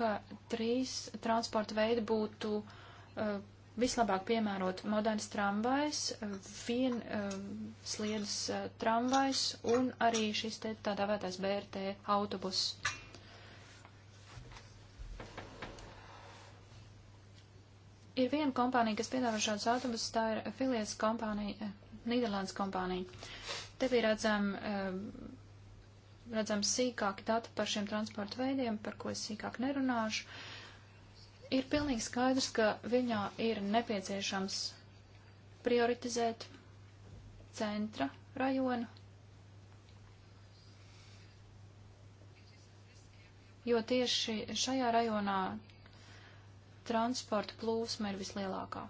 ka trīs transporta veidi būtu uh, vislabāk piemērot moderns tramvajs, uh, vien uh, sliedas uh, tramvajs un arī šis te tādā vētais BRT autobus. Ir viena kompānija, kas piedāvā šādus autobusus, tā ir filies kompānija, uh, Nīderlandes kompānija. Te bija redzama uh, redzams sīkāki dati par šiem transporta veidiem, par ko es sīkāk nerunāšu. Ir pilnīgi skaidrs, ka viņā ir nepieciešams prioritizēt centra rajonu, jo tieši šajā rajonā transporta plūsma ir vislielākā.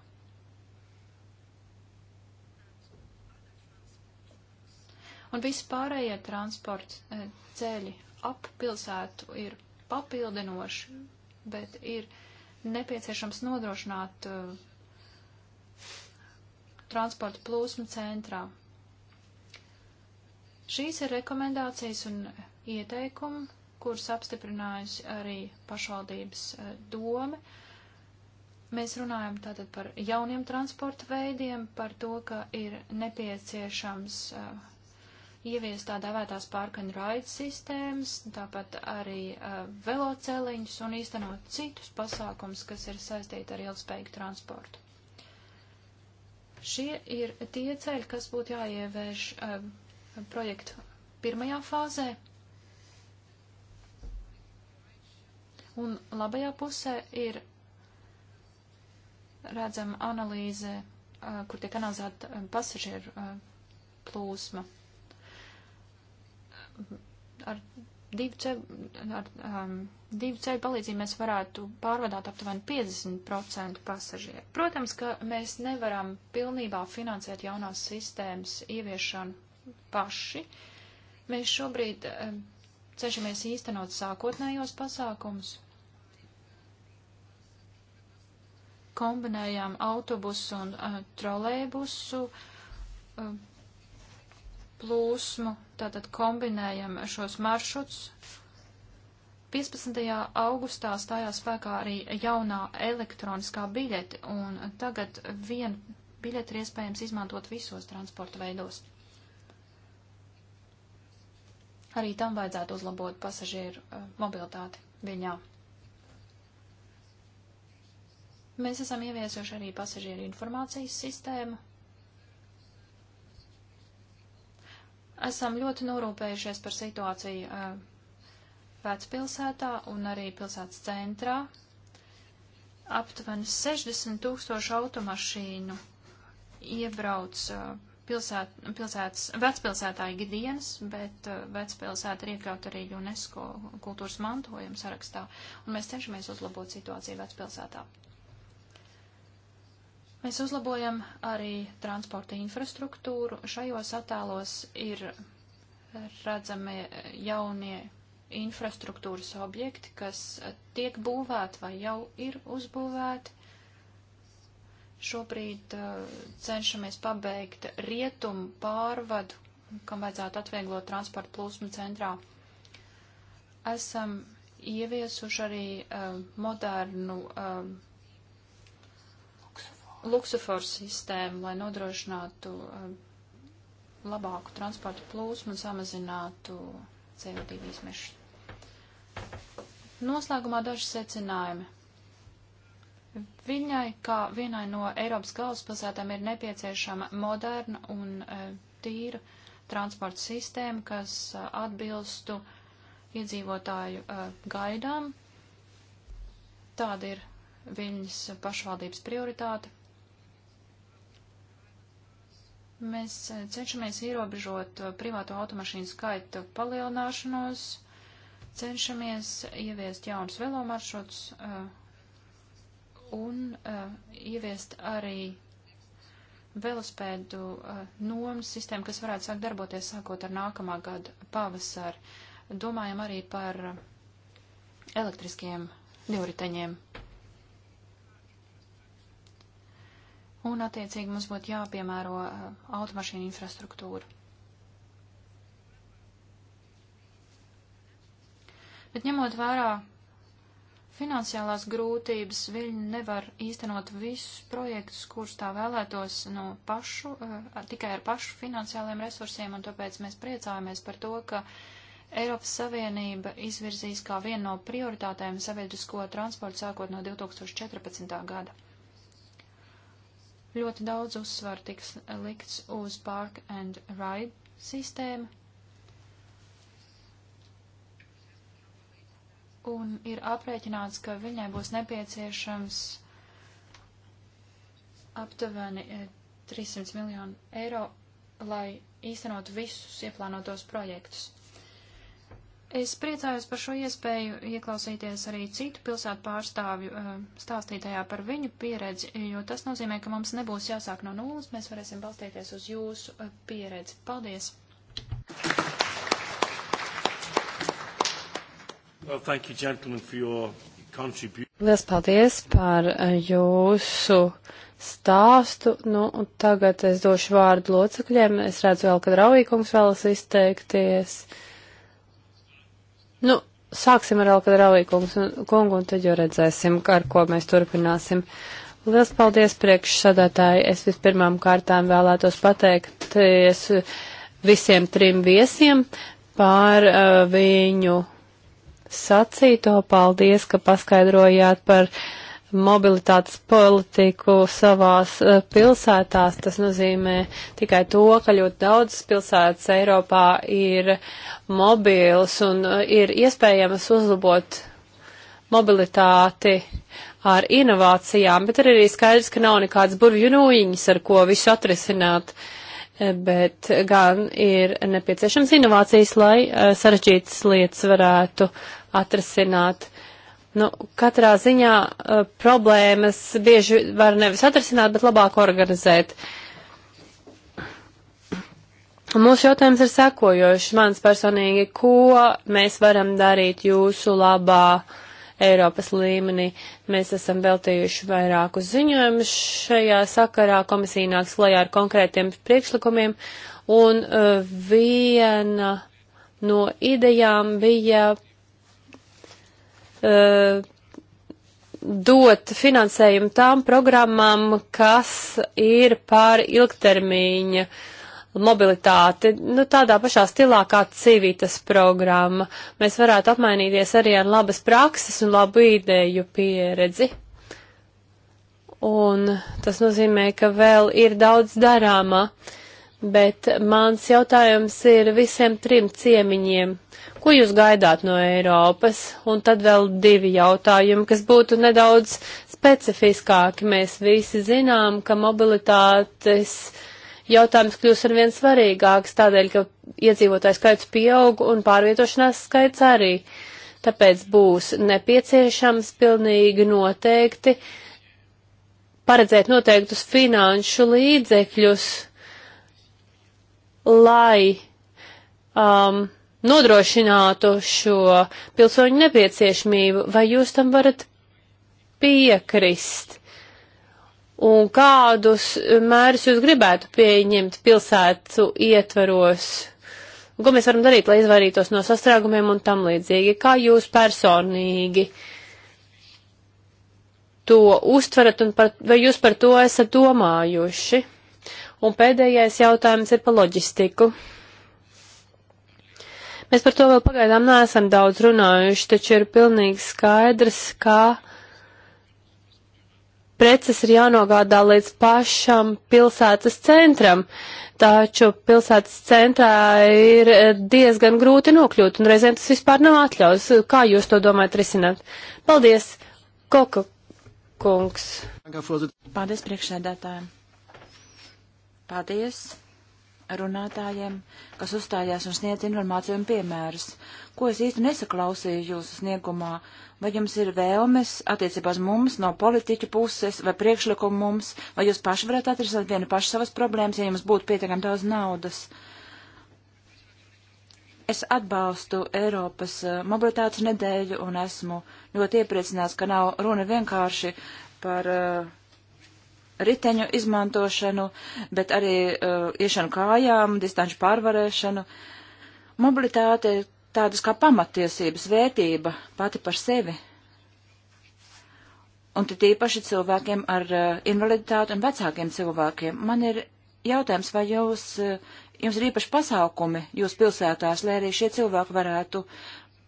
Un visi pārējie transporta e, ceļi ap pilsētu ir papildinoši, bet ir nepieciešams nodrošināt uh, transporta plūsmu centrā. Šīs ir rekomendācijas un ieteikumi, kurus apstiprinājusi arī pašvaldības uh, dome. Mēs runājam tātad par jauniem transporta veidiem, par to, ka ir nepieciešams uh, ieviest tā dēvētās pārkaņu raidu sistēmas, tāpat arī uh, veloceliņus un īstenot citus pasākums, kas ir saistīti ar ilgspējīgu transportu. Šie ir tie ceļi, kas būtu jāievērš uh, projektu pirmajā fāzē. Un labajā pusē ir redzama analīze, uh, kur tiek analizēta uh, pasažieru uh, plūsma ar divu ceļu, ar um, divu ceļu palīdzību mēs varētu pārvadāt aptuveni 50% pasažieru. Protams, ka mēs nevaram pilnībā finansēt jaunās sistēmas ieviešanu paši. Mēs šobrīd um, cešamies īstenot sākotnējos pasākumus. Kombinējām autobusu un uh, trolēbusu. Uh, um, plūsmu, tātad kombinējam šos maršruts. 15. augustā stājās spēkā arī jaunā elektroniskā biļete, un tagad vien biļeti ir iespējams izmantot visos transporta veidos. Arī tam vajadzētu uzlabot pasažieru eh, mobilitāti viņā. Mēs esam ieviesuši arī pasažieru informācijas sistēmu, Esam ļoti norūpējušies par situāciju uh, vecpilsētā un arī pilsētas centrā. Aptuveni 60 tūkstoši automašīnu iebrauc uh, pilsēt, pilsētas, vecpilsētā ikdienas, bet uh, vecpilsēta ir iekļaut arī UNESCO kultūras mantojuma sarakstā, un mēs cenšamies uzlabot situāciju vecpilsētā. Mēs uzlabojam arī transporta infrastruktūru. Šajos attēlos ir redzami jaunie infrastruktūras objekti, kas tiek būvēti vai jau ir uzbūvēti. Šobrīd uh, cenšamies pabeigt rietumu pārvadu, kam vajadzētu atvieglot transporta plūsmu centrā. Esam ieviesuši arī uh, modernu uh, luksuforu sistēmu, lai nodrošinātu um, labāku transportu plūsmu un samazinātu CO2 izmešu. Noslēgumā daži secinājumi. Viņai, kā vienai no Eiropas galvaspilsētām, ir nepieciešama moderna un uh, tīra transporta sistēma, kas uh, atbilstu iedzīvotāju uh, gaidām. Tāda ir viņas pašvaldības prioritāte. Mēs eh, cenšamies ierobežot eh, privāto automašīnu skaitu palielināšanos, cenšamies ieviest jaunus velomaršrutus eh, un ieviest arī velospēdu nomas sistēmu, kas varētu sākt darboties sākot ar nākamā gada pavasaru. Domājam arī par elektriskiem divriteņiem. un, attiecīgi, mums būtu jāpiemēro eh, automašīnu infrastruktūra. Bet ņemot vērā finansiālās grūtības, viņi nevar īstenot visus projektus, kurus tā vēlētos no nu, pašu, eh, tikai ar pašu finansiāliem resursiem, un tāpēc mēs priecājamies par to, ka Eiropas Savienība izvirzīs kā vienu no prioritātēm sabiedrisko transportu sākot no 2014. gada. Ļoti daudz uzsvaru tiks likts uz park and ride sistēmu. Un ir aprēķināts, ka viņai būs nepieciešams aptuveni 300 eh, miljonu eiro, lai īstenot visus ieplānotos projektus. Es priecājos par šo iespēju ieklausīties arī citu pilsētu pārstāvju eh, stāstītajā par viņu pieredzi, jo tas nozīmē, ka mums nebūs jāsāk no nulles, mēs varēsim balstīties uz jūsu eh, pieredzi. Paldies! Well, thank you, gentlemen, for your contribution. Liels paldies par eh, jūsu stāstu. Nu, tagad es došu vārdu locekļiem. Es redzu vēl, ka Raujīkungs vēlas izteikties. Uh, Nu, sāksim ar Alkadralī kungu un tad jau redzēsim, ar ko mēs turpināsim. Liels paldies priekšsadātāji. Es vispirmām kārtām vēlētos pateikties visiem trim viesiem par uh, viņu sacīto. Paldies, ka paskaidrojāt par uh, mobilitātes politiku savās eh, pilsētās. Tas nozīmē tikai to, ka ļoti daudz pilsētas Eiropā ir mobils un eh, ir iespējams uzlabot mobilitāti ar inovācijām, bet ir arī skaidrs, ka nav nekāds burvju nūjiņas, ar ko visu atrisināt, eh, bet gan ir nepieciešams inovācijas, lai sarežģītas lietas varētu atrisināt. Nu, katrā ziņā uh, problēmas bieži var nevis atrisināt, bet labāk organizēt. Un mūsu jautājums ir sekojošs mans personīgi, ko mēs varam darīt jūsu labā Eiropas līmenī. Mēs esam veltījuši vairākus ziņojumus šajā sakarā, komisija nāks klajā ar konkrētiem priekšlikumiem, un uh, viena no idejām bija Uh, dot finansējumu tām programmām, kas ir pār ilgtermiņa mobilitāti, nu, tādā pašā stilā kā civitas programma. Mēs varētu apmainīties arī ar labas prakses un labu ideju pieredzi. Un tas nozīmē, ka vēl ir daudz darāmā, bet mans jautājums ir visiem trim ciemiņiem. Ko jūs gaidāt no Eiropas? Un tad vēl divi jautājumi, kas būtu nedaudz specifiskāki. Mēs visi zinām, ka mobilitātes jautājums kļūs ar vien svarīgāks, tādēļ, ka iedzīvotāju skaits pieaug un pārvietošanās skaits arī. Tāpēc būs nepieciešams pilnīgi noteikti paredzēt noteiktus finanšu līdzekļus, lai um, nodrošinātu šo pilsoņu nepieciešamību, vai jūs tam varat piekrist? Un kādus mērus jūs gribētu pieņemt pilsētu ietvaros? Un ko mēs varam darīt, lai izvairītos no sastrēgumiem un tam līdzīgi? Kā jūs personīgi to uztverat un par, vai jūs par to esat domājuši? Un pēdējais jautājums ir par loģistiku. Mēs par to vēl pagaidām neesam daudz runājuši, taču ir pilnīgi skaidrs, ka preces ir jānogādā līdz pašam pilsētas centram, taču pilsētas centrā ir eh, diezgan grūti nokļūt, un reizēm tas vispār nav atļaus. Kā jūs to domājat risināt? Paldies, Koka kungs. Paldies priekšsēdētājiem. Paldies runātājiem, kas uzstājās un sniedz informāciju un piemērus. Ko es īsti nesaklausīju jūsu sniegumā? Vai jums ir vēlmes attiecībā uz mums no politiķu puses vai priekšlikumu mums, vai jūs paši varat atrisināt vienu pašu savas problēmas, ja jums būtu pietiekami daudz naudas? Es atbalstu Eiropas eh, mobilitātes nedēļu un esmu ļoti iepriecināts, ka nav runa vienkārši par uh, riteņu izmantošanu, bet arī uh, iešanu kājām, distanču pārvarēšanu. Mobilitāte ir tādas kā pamatiesības vērtība pati par sevi. Un tad īpaši cilvēkiem ar uh, invaliditāti un vecākiem cilvēkiem. Man ir jautājums, vai jūs, uh, jums ir īpaši pasākumi jūs pilsētās, lai arī šie cilvēki varētu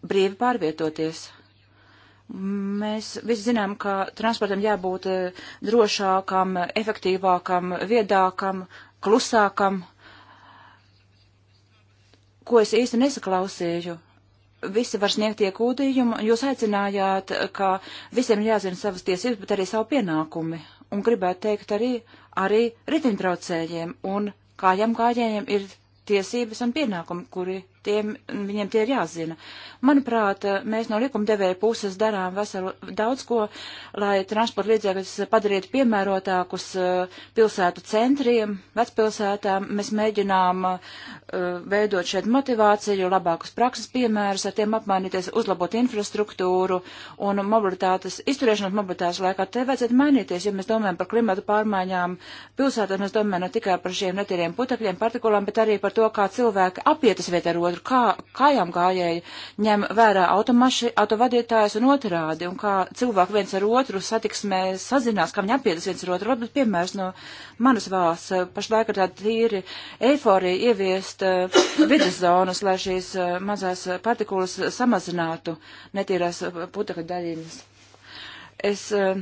brīvi pārvietoties? Mēs visi zinām, ka transportam jābūt e, drošākam, efektīvākam, viedākam, klusākam. Ko es īsti nesaklausīju? Visi var sniegt iekūdījumu, jūs aicinājāt, ka visiem jāzina savas tiesības, bet arī savu pienākumi. Un gribētu teikt arī, arī riteņbraucējiem un kājām kājējiem ir tiesības un pienākumi, kuri tiem, viņiem tie ir jāzina. Manuprāt, mēs no likumdevēja puses darām veselu daudz ko, lai transporta līdzekļus padarītu piemērotākus eh, pilsētu centriem, vecpilsētām. Mēs mēģinām uh, veidot šeit motivāciju, labākus prakses piemērus, ar tiem apmainīties, uzlabot infrastruktūru un mobilitātes, izturēšanos mobilitātes laikā. Te vajadzētu mainīties, ja mēs domājam par klimatu pārmaiņām pilsētās, mēs domājam ne tikai par šiem netīriem putekļiem, partikulām, bet arī par to, kā cilvēki apietas vieta ar otru ir kā kājām gājēji ņem vērā automaši, autovadītājs un otrādi, un kā cilvēki viens ar otru satiksmē sazinās, kā viņi apiedas viens ar otru. Varbūt piemērs no manas valsts pašlaik ir tāda tīri eiforija ieviest uh, vidas zonas, lai šīs uh, mazās partikulas samazinātu netīrās eh, putekļu daļiņas. Es uh,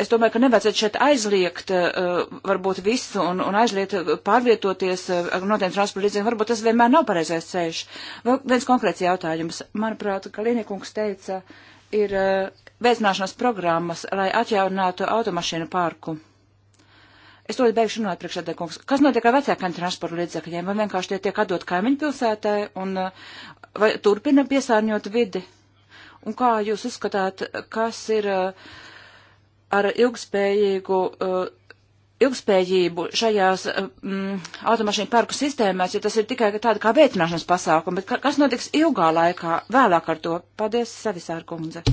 es domāju, ka nevajadzētu šeit aizliegt uh, varbūt visu un, un aizliegt pārvietoties eh, ar uh, notiem transporta līdzekļiem. Varbūt tas vienmēr nav pareizais ceļš. Vēl viens konkrēts jautājums. Manuprāt, Kalinikungs teica, ir uh, veicināšanas programmas, lai atjaunātu automašīnu pārku. Es to beigšu runāt priekšādē, kungs. Kas notiek ar vecākiem transporta līdzekļiem? Vai vienkārši tie tiek atdot kaimiņu pilsētai un vai turpina piesārņot vidi? Un kā jūs uzskatāt, kas ir uh, ar ilgspējīgu, uh, ilgspējību šajās uh, mm, automašīnu parku sistēmās, jo tas ir tikai tāda kā veicināšanas pasākuma, bet kas notiks ilgā laikā, vēlāk ar to? Paldies, Savisāra kundze.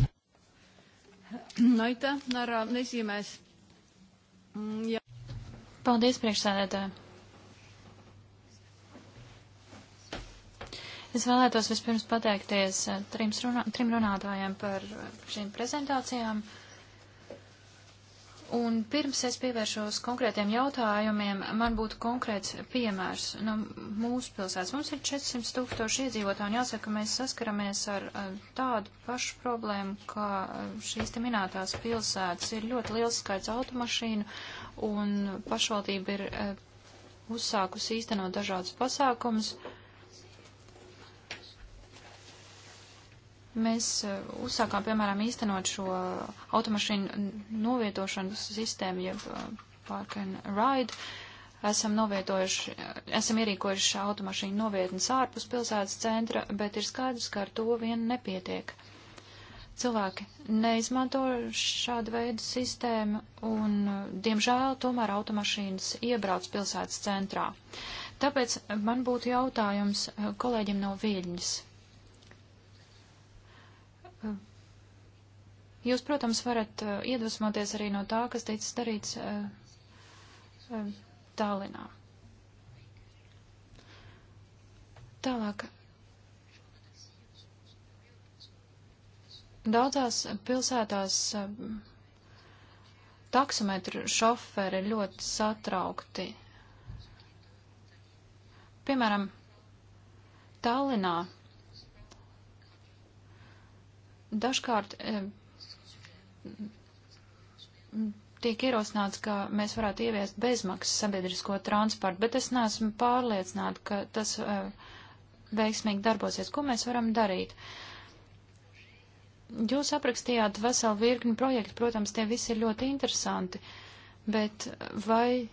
Naita, nara, nezīmēs. Mm, jā. Paldies, priekšsēdētāji. Es vēlētos vispirms pateikties eh, trim, runā, trim runātājiem par eh, šīm prezentācijām. Uh, Un pirms es pievēršos konkrētiem jautājumiem, man būtu konkrēts piemērs no nu, mūsu pilsētas. Mums ir 400 tūkstoši iedzīvotāji, un jāsaka, ka mēs saskaramies ar tādu pašu problēmu, ka šīs te minētās pilsētas ir ļoti liels skaits automašīnu, un pašvaldība ir eh, uzsākusi īstenot dažādus pasākumus, Mēs e, uzsākām, piemēram, īstenot šo automašīnu novietošanas sistēmu, jeb e, park and ride. Esam novietojuši, e, esam ierīkojuši automašīnu novietnes ārpus pilsētas centra, bet ir skaidrs, ka ar to vien nepietiek. Cilvēki neizmanto šādu veidu sistēmu un, diemžēl, tomēr automašīnas iebrauc pilsētas centrā. Tāpēc man būtu jautājums kolēģim no Viļņas. Jūs, protams, varat uh, iedvesmoties arī no tā, kas ticis darīts uh, eh, eh, Tālinā. Tālāk. Daudzās pilsētās uh, taksometru šoferi ļoti satraukti. Piemēram, Tallinā dažkārt tiek ierosināts, ka mēs varētu ieviest bezmaksas sabiedrisko transportu, bet es neesmu pārliecināta, ka tas uh, veiksmīgi darbosies. Ko mēs varam darīt? Jūs aprakstījāt veselu virkni projektu, protams, tie visi ir ļoti interesanti, bet vai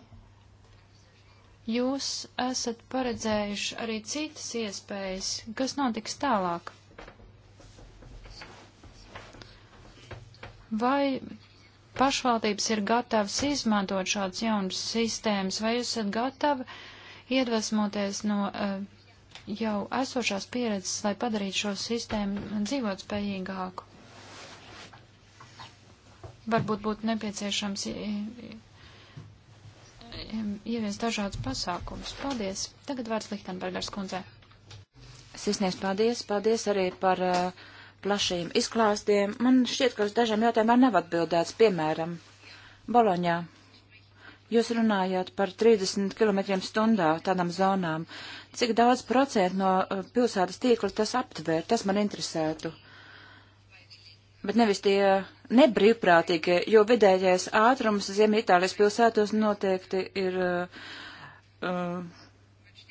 jūs esat paredzējuši arī citas iespējas, kas notiks tālāk? Vai pašvaldības ir gatavas izmantot šādas jaunas sistēmas, vai jūs esat gatavi iedvesmoties no uh, jau esošās pieredzes, lai padarītu šo sistēmu dzīvot spējīgāku? Varbūt būtu nepieciešams ievies dažādas pasākumus. Paldies! Tagad vārds Lichtenbergers kundzē. Sisnieks, paldies! Paldies arī par uh, plašiem izklāstiem. Man šķiet, ka uz dažiem jautājumiem nav atbildēts, piemēram, Boloņā. Jūs runājāt par 30 km stundā tādām zonām. Cik daudz procentu no uh, pilsētas tīkla tas aptver, tas man interesētu. Bet nevis tie nebrīvprātīgie, jo vidējais ātrums Ziemeļitālijas pilsētos noteikti ir. Uh, uh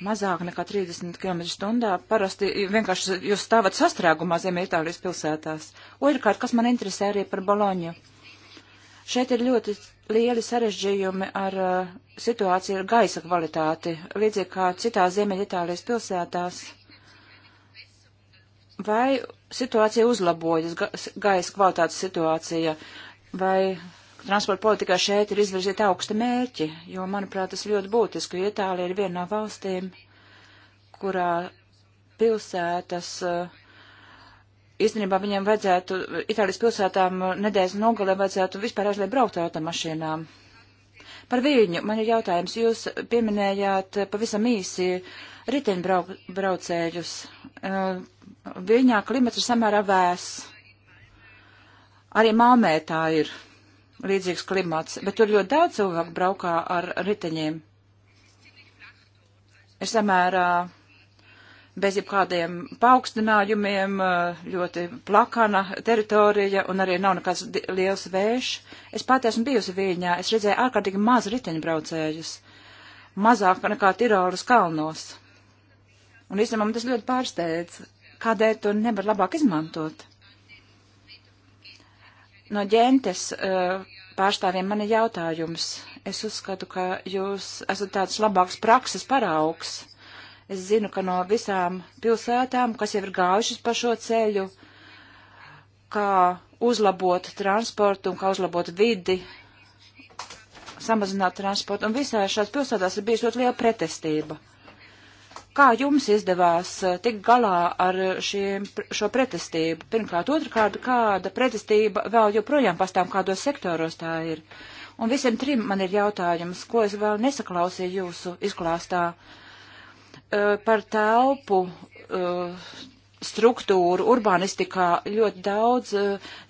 mazāk nekā 30 km stundā. Parasti vienkārši jūs stāvat sastrēgumā zem Itālijas pilsētās. Oļkārt, kas man interesē arī par Boloņu. Šeit ir ļoti lieli sarežģījumi ar uh, situāciju ar gaisa kvalitāti, līdzīgi kā citās Ziemeļitālijas pilsētās. Vai situācija uzlabojas, ga gaisa kvalitātes situācija, vai transporta politikā šeit ir izvirzīti augsti mērķi, jo, manuprāt, tas ļoti būtiski, jo Itālija ir viena no valstīm, kurā pilsētas uh, īstenībā viņiem vajadzētu, Itālijas pilsētām eh, nedēļas nogalē vajadzētu vispār aizliet braukt ar automašīnām. Par viņu man ir jautājums. Jūs pieminējāt eh, pavisam īsi riteņbraucējus. Viņā klimats ir samērā vēs. Arī Malmē tā ir līdzīgs klimats, bet tur ļoti daudz cilvēku braukā ar riteņiem. Ir samērā bez jebkādiem paaugstinājumiem, ļoti plakana teritorija un arī nav nekāds liels vējš. Es pati esmu bijusi viņā, es redzēju ārkārtīgi maz riteņbraucējus, mazāk nekā Tirolas kalnos. Un īstenībā man tas ļoti pārsteidz, kādēļ to nevar labāk izmantot. No ģentes uh, pārstāvjiem man ir jautājums. Es uzskatu, ka jūs esat tāds labāks prakses paraugs. Es zinu, ka no visām pilsētām, kas jau ir gājušas pa šo ceļu, kā uzlabot transportu un kā uzlabot vidi, samazināt transportu, un visā šās pilsētās ir bijusi ļoti liela pretestība. Kā jums izdevās eh, tikt galā ar šiem, šo pretestību? Pirmkārt, otrkārt, kāda pretestība vēl joprojām pastāv, kādos sektoros tā ir? Un visiem trim man ir jautājums, ko es vēl nesaklausīju jūsu izklāstā eh, par telpu eh, struktūru urbanistikā ļoti daudz,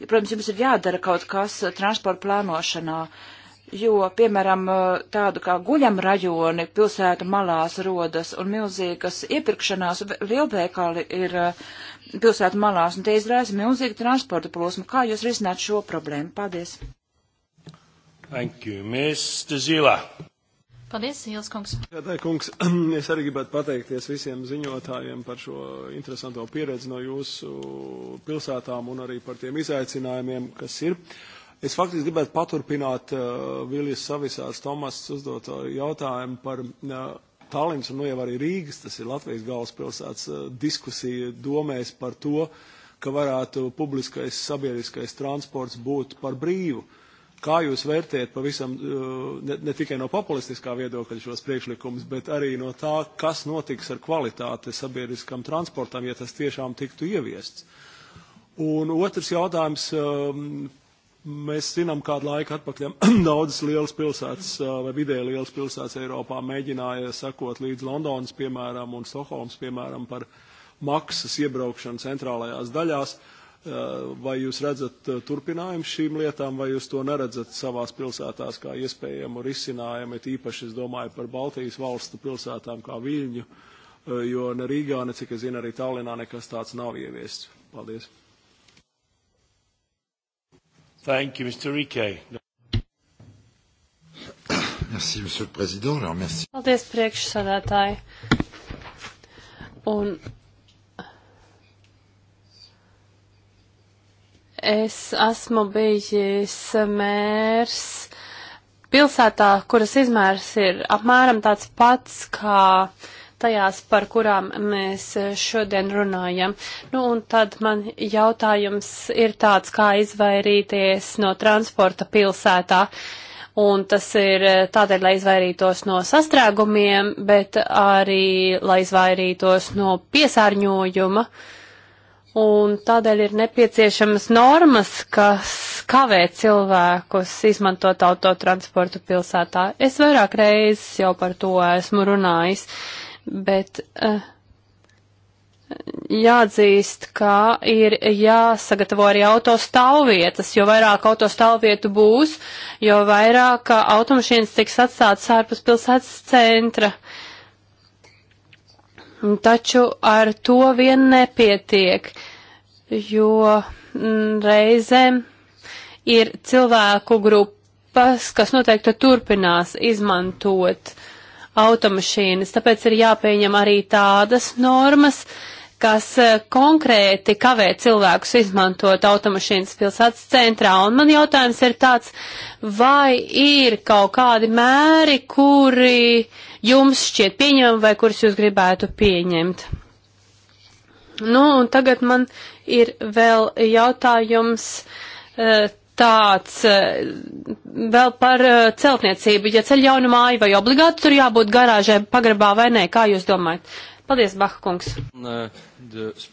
protams, jums ir jādara kaut kas transporta plānošanā. Uh, jo, piemēram, tādu kā guļam rajoni pilsētu malās rodas un milzīgas iepirkšanās lielveikali ir pilsētu malās, un te izraisa milzīga transporta plūsma. Kā jūs risināt šo problēmu? Paldies! Thank you, Mr. Zila. Paldies, Ielas kungs. Jā, tā kungs, es arī gribētu pateikties visiem ziņotājiem par šo interesanto pieredzi no jūsu pilsētām un arī par tiem izaicinājumiem, kas ir. Uh, Es faktiski gribētu paturpināt uh, eh, Vilijas Savisārs Tomas uzdoto eh, jautājumu par uh, eh, Tallinas un nu jau arī Rīgas, tas ir Latvijas galvaspilsētas uh, diskusija domēs par to, ka varētu publiskais sabiedriskais transports būt par brīvu. Kā jūs vērtējat pavisam ne, ne tikai no populistiskā viedokļa šos priekšlikumus, bet arī no tā, kas notiks ar kvalitāti sabiedriskam transportam, ja tas tiešām tiktu ieviests? Un otrs jautājums Mēs zinām, kādu laiku atpakaļ daudzas lielas pilsētas vai vidēji lielas pilsētas Eiropā mēģināja sekot līdz Londonas, piemēram, un Stokholmas, piemēram, par maksas iebraukšanu centrālajās daļās. Vai jūs redzat turpinājumu šīm lietām, vai jūs to neredzat savās pilsētās kā iespējamu risinājumu, it īpaši, es domāju, par Baltijas valstu pilsētām kā Viļņu, jo ne Rīgā, ne cik es zinu, arī Tallinā nekas tāds nav ieviests. Paldies! Thank you, Mr. Rike. Merci, Monsieur le Président. Alors, merci. Paldies, priekšsādātāji. Un es esmu bijis mērs pilsētā, kuras izmērs ir apmēram tāds pats kā uh, tajās, par kurām mēs eh, šodien runājam. Nu, un tad man jautājums ir tāds, kā izvairīties no transporta pilsētā. Un tas ir eh, tādēļ, lai izvairītos no sastrēgumiem, bet arī, lai izvairītos no piesārņojuma. Un tādēļ ir nepieciešamas normas, kas kavē cilvēkus izmantot autotransportu pilsētā. Es vairāk reizes jau par to esmu runājis. Uh, bet uh, jāatzīst, ka ir jāsagatavo arī autostāvvietas, jo vairāk autostāvvietu būs, jo vairāk eh, automašīnas tiks atstātas ārpus pilsētas centra. Taču ar to vien nepietiek, jo mm, reizēm ir cilvēku grupas, kas noteikti turpinās izmantot uh, automašīnas. Tāpēc ir jāpieņem arī tādas normas, kas eh, konkrēti kavē cilvēkus izmantot automašīnas pilsētas centrā. Un man jautājums ir tāds, vai ir kaut kādi mēri, kuri jums šķiet pieņemami vai kurus jūs gribētu pieņemt? Nu, un tagad man ir vēl jautājums. Uh, tāds eh, vēl par eh, celtniecību. Ja ceļ jaunu māju vai obligāti tur jābūt garāžai, pagrabā vai nē, kā jūs domājat? Paldies, Baha kungs. Eh,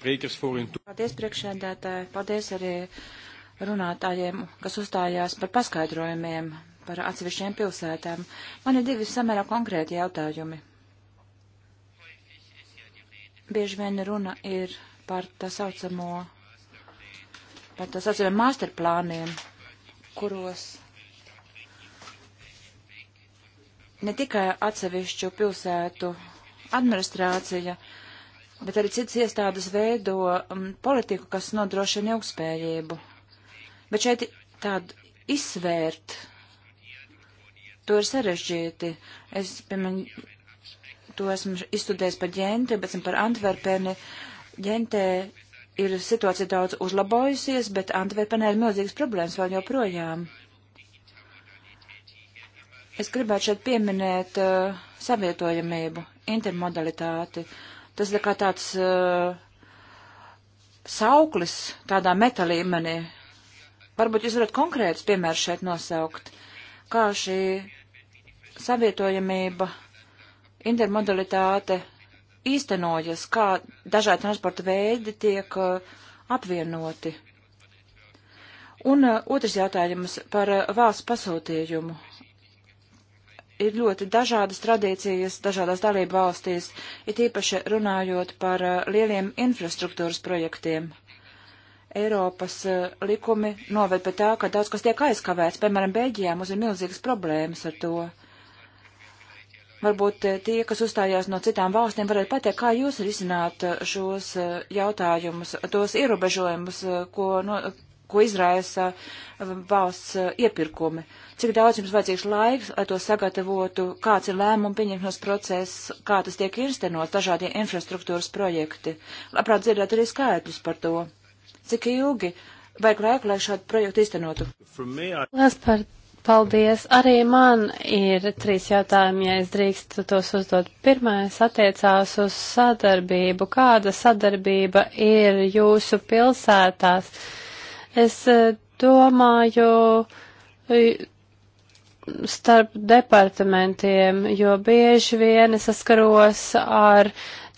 Paldies, priekšēdētāji. Paldies arī runātājiem, kas uzstājās par paskaidrojumiem par atsevišķiem pilsētām. Man ir divi samērā konkrēti jautājumi. Bieži vien runa ir par tā saucamo, par tā saucamiem masterplāniem, kuros ne tikai atsevišķu pilsētu administrācija, bet arī citas iestādes veido um, politiku, kas nodrošina ilgspējību. Bet šeit tādu izsvērt, to ir sarežģīti. Es, piemēram, to esmu izstudējis par ģenti, bet esmu par Antverpeni. Ģentē ir situācija daudz uzlabojusies, bet Antverpenē ir milzīgas problēmas vēl joprojām. Es gribētu šeit pieminēt uh, savietojamību, intermodalitāti. Tas ir kā tāds uh, sauklis tādā metalīmenī. Varbūt jūs varat konkrētus piemērus šeit nosaukt, kā šī savietojamība, intermodalitāte īstenojas, kā dažādi transporta veidi tiek uh, apvienoti. Un uh, otrs jautājums par uh, valsts pasūtījumu. Ir ļoti dažādas tradīcijas dažādās dalību valstīs, it īpaši runājot par lieliem infrastruktūras projektiem. Eiropas likumi noved pie tā, ka daudz kas tiek aizkavēts. Piemēram, Beļģijā mums ir milzīgas problēmas ar to. Uh, Varbūt eh, tie, kas uzstājās no citām valstīm, varētu pateikt, kā jūs risināt eh, šos eh, jautājumus, tos ierobežojumus, ko, no, ko izraisa valsts iepirkumi. Cik daudz jums vajadzīgs laiks, lai to sagatavotu, kāds ir lēmumu pieņemšanas process, kā tas tiek īstenots, dažādie infrastruktūras projekti. Labprāt dzirdēt arī skaitļus par to. Cik ilgi vajag laiku, lai šādu projektu īstenotu? Liels I... par Paldies. Arī man ir trīs jautājumi, ja es drīkstu tos uzdot. Pirmais attiecās uz sadarbību. Kāda sadarbība ir jūsu pilsētās? Es eh, domāju, starp departamentiem, jo bieži vien es saskaros ar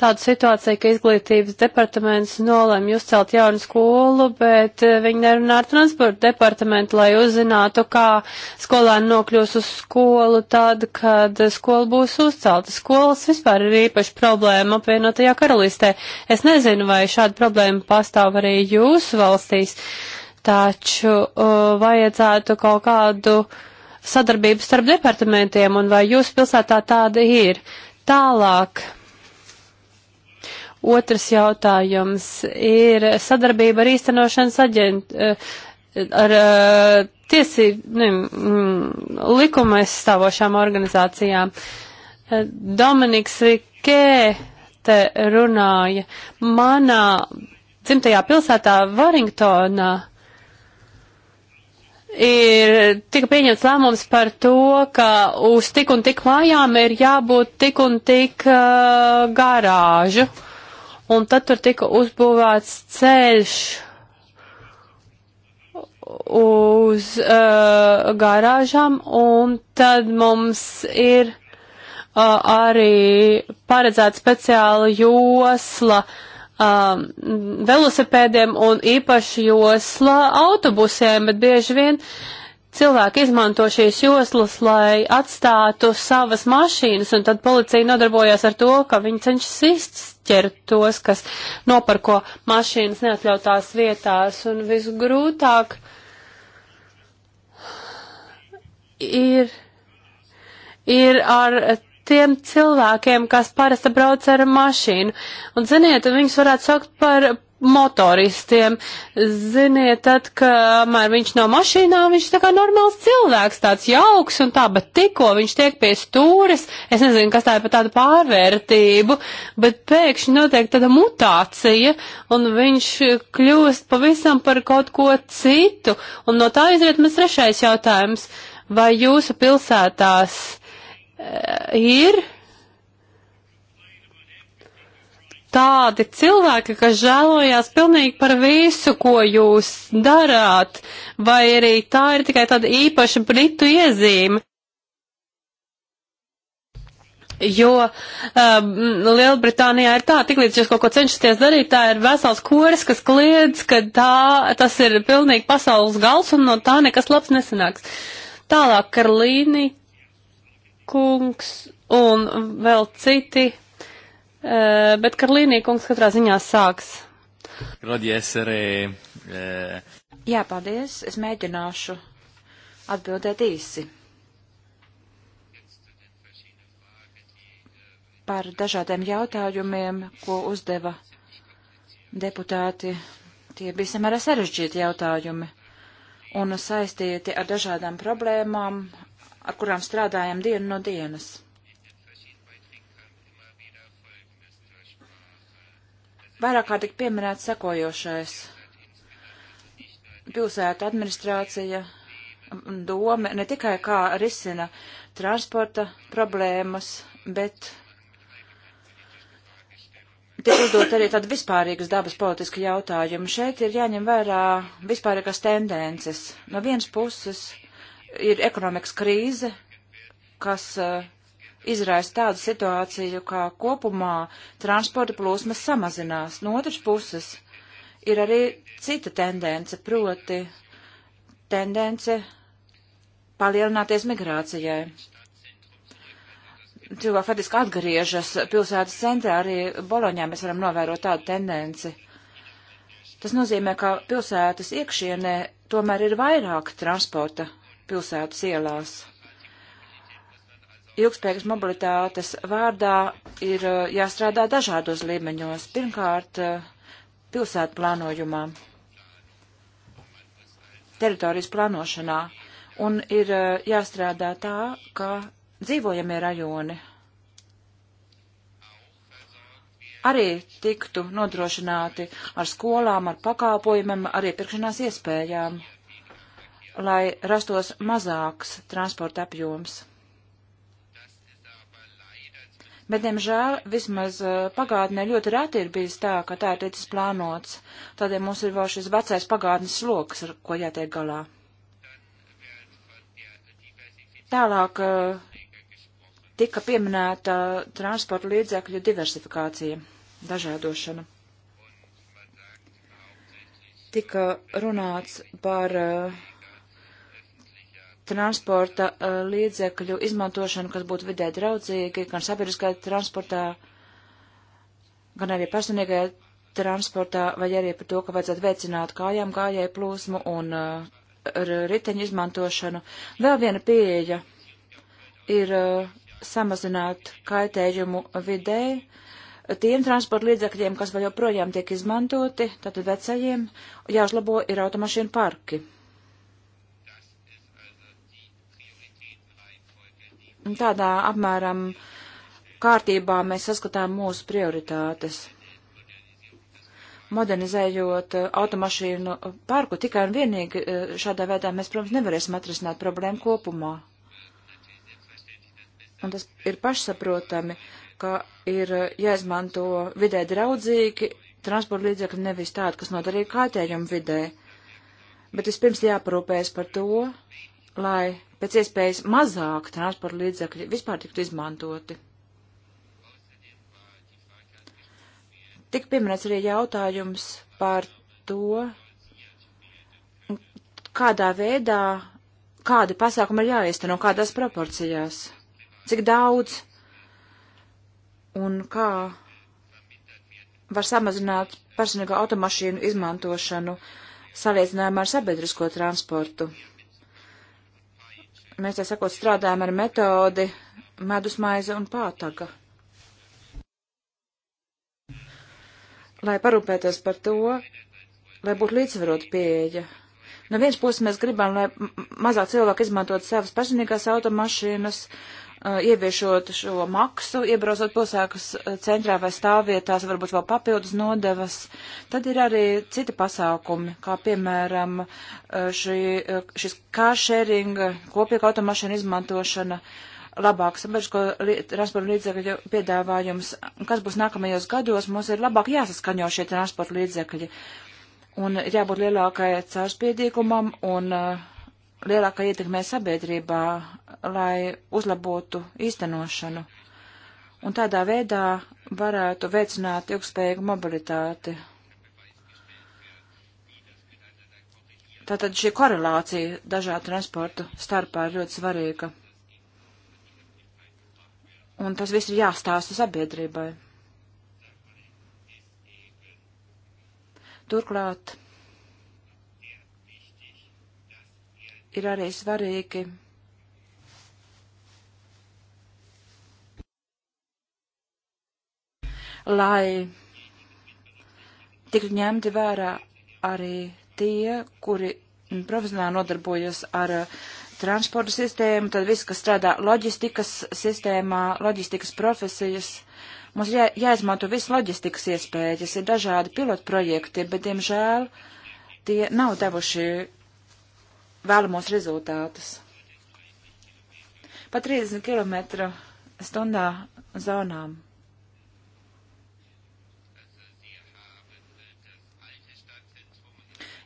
tādu situāciju, ka izglītības departaments nolēma uzcelt jaunu skolu, bet eh, viņi nerunā ar transporta departamentu, lai uzzinātu, kā skolēni nokļūs uz skolu tad, kad skola būs uzcelta. Skolas vispār ir īpaši problēma apvienotajā karalistē. Es nezinu, vai šāda problēma pastāv arī jūsu valstīs, taču uh, vajadzētu kaut kādu uh, sadarbību starp departamentiem un vai jūsu pilsētā tāda ir? Tālāk. Otrs jautājums ir sadarbība ar īstenošanas aģentu, eh, ar eh, tiesību, mm, likuma aizstāvošām organizācijām. Eh, Dominiks Rikē te runāja. Manā dzimtajā pilsētā Varingtonā ir tika pieņemts lēmums par to, ka uz tik un tik mājām ir jābūt tik un tik uh, garāžu. Un tad tur tika uzbūvēts ceļš uz uh, garāžām, un tad mums ir uh, arī paredzēta speciāla josla uh, um, velosipēdiem un īpaši josla autobusiem, bet bieži vien cilvēki izmanto šīs joslas, lai atstātu savas mašīnas, un tad policija nodarbojas ar to, ka viņi cenšas izķert tos, kas noparko mašīnas neatļautās vietās, un visgrūtāk ir, ir ar tiem cilvēkiem, kas parasti brauc ar mašīnu. Un, ziniet, viņus varētu saukt par motoristiem. Ziniet, tad, kamēr viņš nav mašīnā, viņš tā kā normāls cilvēks, tāds jauks un tā, bet tikko viņš tiek pie stūres, es nezinu, kas tā ir par tādu pārvērtību, bet pēkšņi notiek tāda mutācija un viņš kļūst pavisam par kaut ko citu. Un no tā izriet mēs trešais jautājums. Vai jūsu pilsētās ir tādi cilvēki, kas žēlojās pilnīgi par visu, ko jūs darāt, vai arī tā ir tikai tāda īpaša britu iezīme. Jo um, uh, Lielbritānijā ir tā, tiklīdz jūs kaut ko cenšaties darīt, tā ir vesels kurs, kas kliedz, ka tā, tas ir pilnīgi pasaules gals un no tā nekas labs nesanāks. Tālāk, Karlīni, kungs un vēl citi, eh, bet Karlīnī kungs katrā ziņā sāks. Rodies arī. Eh, Jā, paldies. Es mēģināšu atbildēt īsi. Par dažādiem jautājumiem, ko uzdeva deputāti, tie bija samērā sarežģīti jautājumi un saistīti ar dažādām problēmām, ar kurām strādājam dienu no dienas. Vairāk kā tik pieminēts sekojošais. Pilsēta administrācija doma ne tikai kā risina transporta problēmas, bet tiek uzdot arī tādi vispārīgas dabas politiski jautājumi. Šeit ir jāņem vērā vispārīgas tendences. No vienas puses ir ekonomikas krīze, kas uh, izraisa tādu situāciju, kā kopumā transporta plūsmas samazinās. No otras puses ir arī cita tendence, proti tendence palielināties migrācijai. Cilvēki faktiski atgriežas pilsētas centrā, arī Boloņā mēs varam novērot tādu tendenci. Tas nozīmē, ka pilsētas iekšienē tomēr ir vairāk transporta pilsētas ielās. Ilgspējīgas mobilitātes vārdā ir uh, jāstrādā dažādos līmeņos. Pirmkārt, uh, pilsētu plānojumā, teritorijas plānošanā, un ir uh, jāstrādā tā, ka dzīvojamie rajoni arī tiktu nodrošināti ar skolām, ar pakāpojumiem, arī pirkšanās iespējām lai rastos mazāks transporta apjoms. Bet, diemžēl, vismaz eh, pagātnē ļoti reti ir bijis tā, ka tā ir ticis plānots. Tādēļ mums ir vēl šis vecais pagātnes sloks, ar ko jātiek galā. Tālāk eh, tika pieminēta transporta līdzekļu diversifikācija, dažādošana. Tika runāts par uh, transporta uh, līdzekļu izmantošanu, kas būtu vidē draudzīgi, gan sabiedriskajā transportā, gan arī personīgajā transportā, vai arī par to, ka vajadzētu veicināt kājām kājai plūsmu un uh, riteņu izmantošanu. Vēl viena pieeja ir uh, samazināt kaitējumu videi tiem transporta līdzakļiem, kas vēl joprojām tiek izmantoti, tātad vecajiem, jāuzlabo ir automašīnu parki. Tādā apmēram kārtībā mēs saskatām mūsu prioritātes. Modernizējot uh, automašīnu parku, tikai un vienīgi uh, šādā veidā mēs, protams, nevarēsim atrisināt problēmu kopumā. Un tas ir pašsaprotami, ka ir uh, jāizmanto vidē draudzīgi transporta līdzekļi nevis tādi, kas nodarīja kaitējumu vidē, bet vispirms jāparūpējas par to, lai pēc iespējas mazāk transporta līdzekļi vispār tiktu izmantoti. Tik pieminēts arī jautājums par to, kādā veidā, kādi pasākumi ir jāiesteno, kādās proporcijās, cik daudz un kā var samazināt personīgo automašīnu izmantošanu salīdzinājumā ar sabiedrisko transportu. Mēs, tā sakot, strādājam ar metodi medusmaize un pātaga. Lai parūpētos par to, lai būtu līdzsvarot pieeja. No vienas puses mēs gribam, lai mazāk cilvēki izmantot savas personīgās automašīnas, Uh, ieviešot šo maksu, iebraucot pilsēkas uh, centrā vai stāvvietās, varbūt vēl papildus nodevas. Tad ir arī citi pasākumi, kā piemēram uh, šī, šis kāršēringa, kopīga automašīna izmantošana, labāk sabiedrisko transporta līdzekļu piedāvājums. Kas būs nākamajos gados, mums ir labāk jāsaskaņo šie transporta līdzekļi. Un jābūt lielākai cārspiedīgumam un uh, lielākā ietekmē sabiedrībā, lai uzlabotu īstenošanu un tādā veidā varētu veicināt ilgspējīgu mobilitāti. Tātad šī korelācija dažādu transportu starpā ir ļoti svarīga. Un tas viss ir jāstāsta sabiedrībai. Turklāt ir arī svarīgi. Lai tiktu ņemti vērā arī tie, kuri profesionāli nodarbojas ar uh, transporta sistēmu, tad viss, kas strādā loģistikas sistēmā, loģistikas profesijas, mums jā, jāizmanto viss loģistikas iespējas, ir dažādi pilotprojekti, bet, diemžēl, tie nav devuši vēlamos rezultātus. Pa 30 km stundā zonām.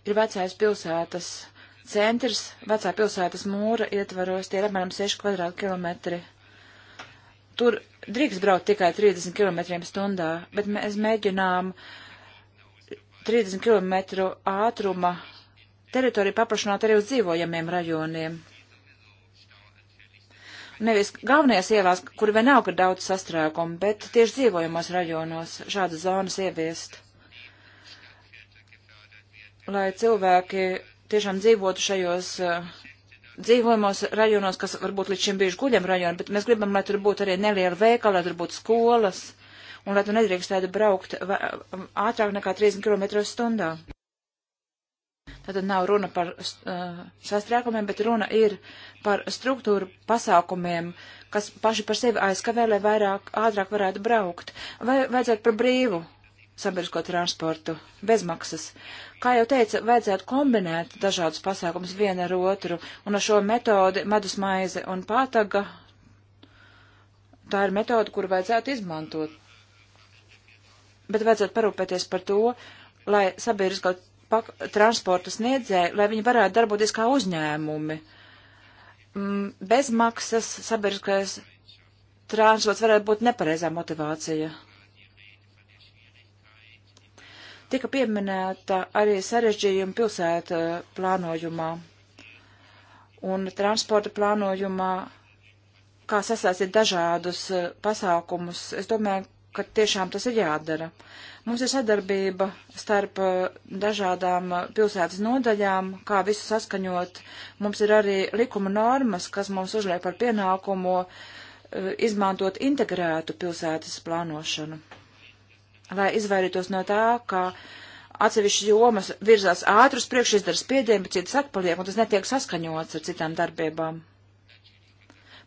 Ir vecais pilsētas centrs, vecā pilsētas mūra ietvaros, tie ir apmēram 6 kvadrātkilometri. Tur drīkst braukt tikai 30 km stundā, bet mēs mēģinām 30 km ātruma teritoriju paplašināt arī uz dzīvojamiem rajoniem. Nevis galvenajās ielās, kur vien nav gar daudz sastrēgumu, bet tieši dzīvojamos rajonos šādas zonas ieviest. Lai cilvēki tiešām dzīvotu šajos uh, dzīvojamos rajonos, kas varbūt līdz šim bijuši guļam rajoni, bet mēs gribam, lai tur būtu arī neliela veikala, lai tur būtu skolas, un lai tu nedrīkstētu braukt ātrāk nekā 30 km stundā. Tātad nav runa par uh, sastrēgumiem, bet runa ir par struktūru pasākumiem, kas paši par sevi aizkavē, lai vairāk ātrāk varētu braukt. Vai vajadzētu par brīvu sabiedrisko transportu, bezmaksas. Kā jau teica, vajadzētu kombinēt dažādus pasākumus vienu ar otru, un ar šo metodi medus maize un pātaga, tā ir metode, kuru vajadzētu izmantot. Bet vajadzētu parūpēties par to, lai sabiedrisko transporta sniedzēji, lai viņi varētu darboties kā uzņēmumi. Mm, Bezmaksas sabiedriskais transports varētu būt nepareizā motivācija. Tika pieminēta arī sarežģījuma pilsēta plānojumā un transporta plānojumā, kā sasaistīt dažādus eh, pasākumus. Es domāju, ka tiešām tas ir jādara. Uh, Mums ir sadarbība starp eh, dažādām eh, pilsētas nodaļām, kā visu saskaņot. Mums ir arī likuma normas, kas mums uzliek par pienākumu eh, izmantot integrētu pilsētas plānošanu, lai izvairītos no tā, ka atsevišķas jomas virzās ātrus priekš, izdara spiedienu, bet citas atpaliek, un tas netiek saskaņots ar citām darbībām.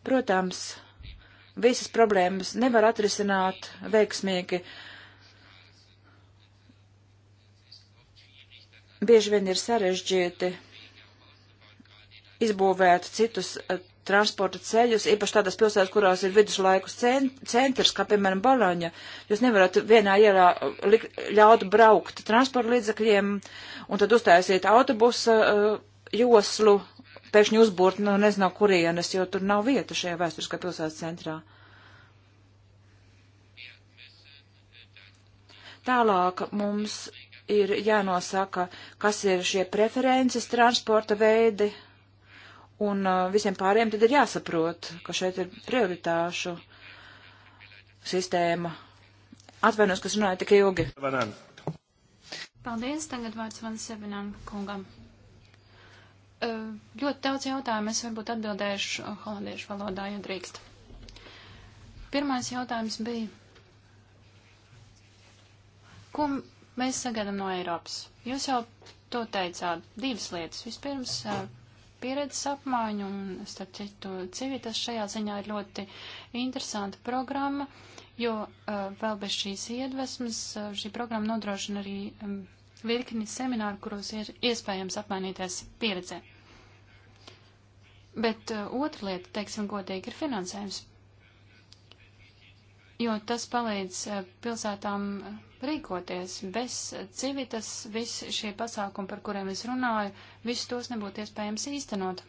Protams, visas problēmas nevar atrisināt veiksmīgi bieži vien ir sarežģīti izbūvēt citus eh, transporta ceļus, īpaši tādās pilsētās, kurās ir viduslaikus centrs, kā piemēram Baloņa. Jūs nevarat vienā ielā eh, ļaut braukt transporta līdzakļiem un tad uztaisiet autobusa eh, joslu, pēkšņi uzbūrt, nu nezinu, kurienes, jo tur nav vieta šajā vēsturiskā pilsētas centrā. Tālāk mums ir jānosaka, kas ir šie preferences transporta veidi, un uh, visiem pāriem tad ir jāsaprot, ka šeit ir prioritāšu sistēma. Atvainos, kas runāja tik ilgi. Vanan. Paldies, tagad vārds Van Sevinam kungam. Uh, ļoti daudz jautājumu es varbūt atbildēšu holandiešu valodā, ja drīkst. Pirmais jautājums bija, ko mēs sagaidām no Eiropas? Jūs jau to teicāt, divas lietas. Vispirms, pieredzes apmaiņu, un starp citu, civitas šajā ziņā ir ļoti interesanta programma, jo vēl bez šīs iedvesmas šī programma nodrošina arī virkni semināru, kuros ir iespējams apmainīties pieredzē. Bet otra lieta, teiksim godīgi, ir finansējums jo tas palīdz pilsētām rīkoties. Bez civitas visi šie pasākumi, par kuriem es runāju, visus tos nebūtu iespējams īstenot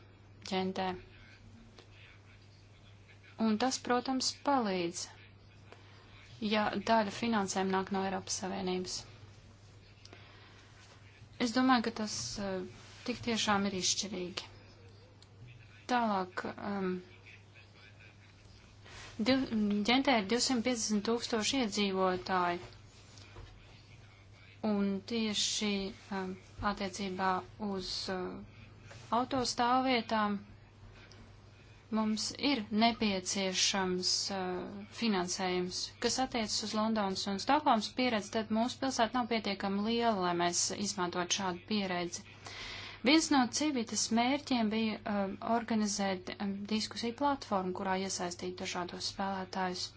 ģentē. Un tas, protams, palīdz, ja daļa finansēm nāk no Eiropas Savienības. Es domāju, ka tas eh, tik tiešām ir izšķirīgi. Tālāk. Um, Div, ģentē ir 250 tūkstoši iedzīvotāji. Un tieši um, attiecībā uz uh, autostāvvietām mums ir nepieciešams uh, finansējums. Kas attiecas uz Londonas un Stokholmas pieredzi, tad mūsu pilsēta nav pietiekami liela, lai mēs izmantot šādu pieredzi. Viens no civitas mērķiem bija uh, organizēt um, diskusiju platformu, kurā iesaistīt dažādos spēlētājus.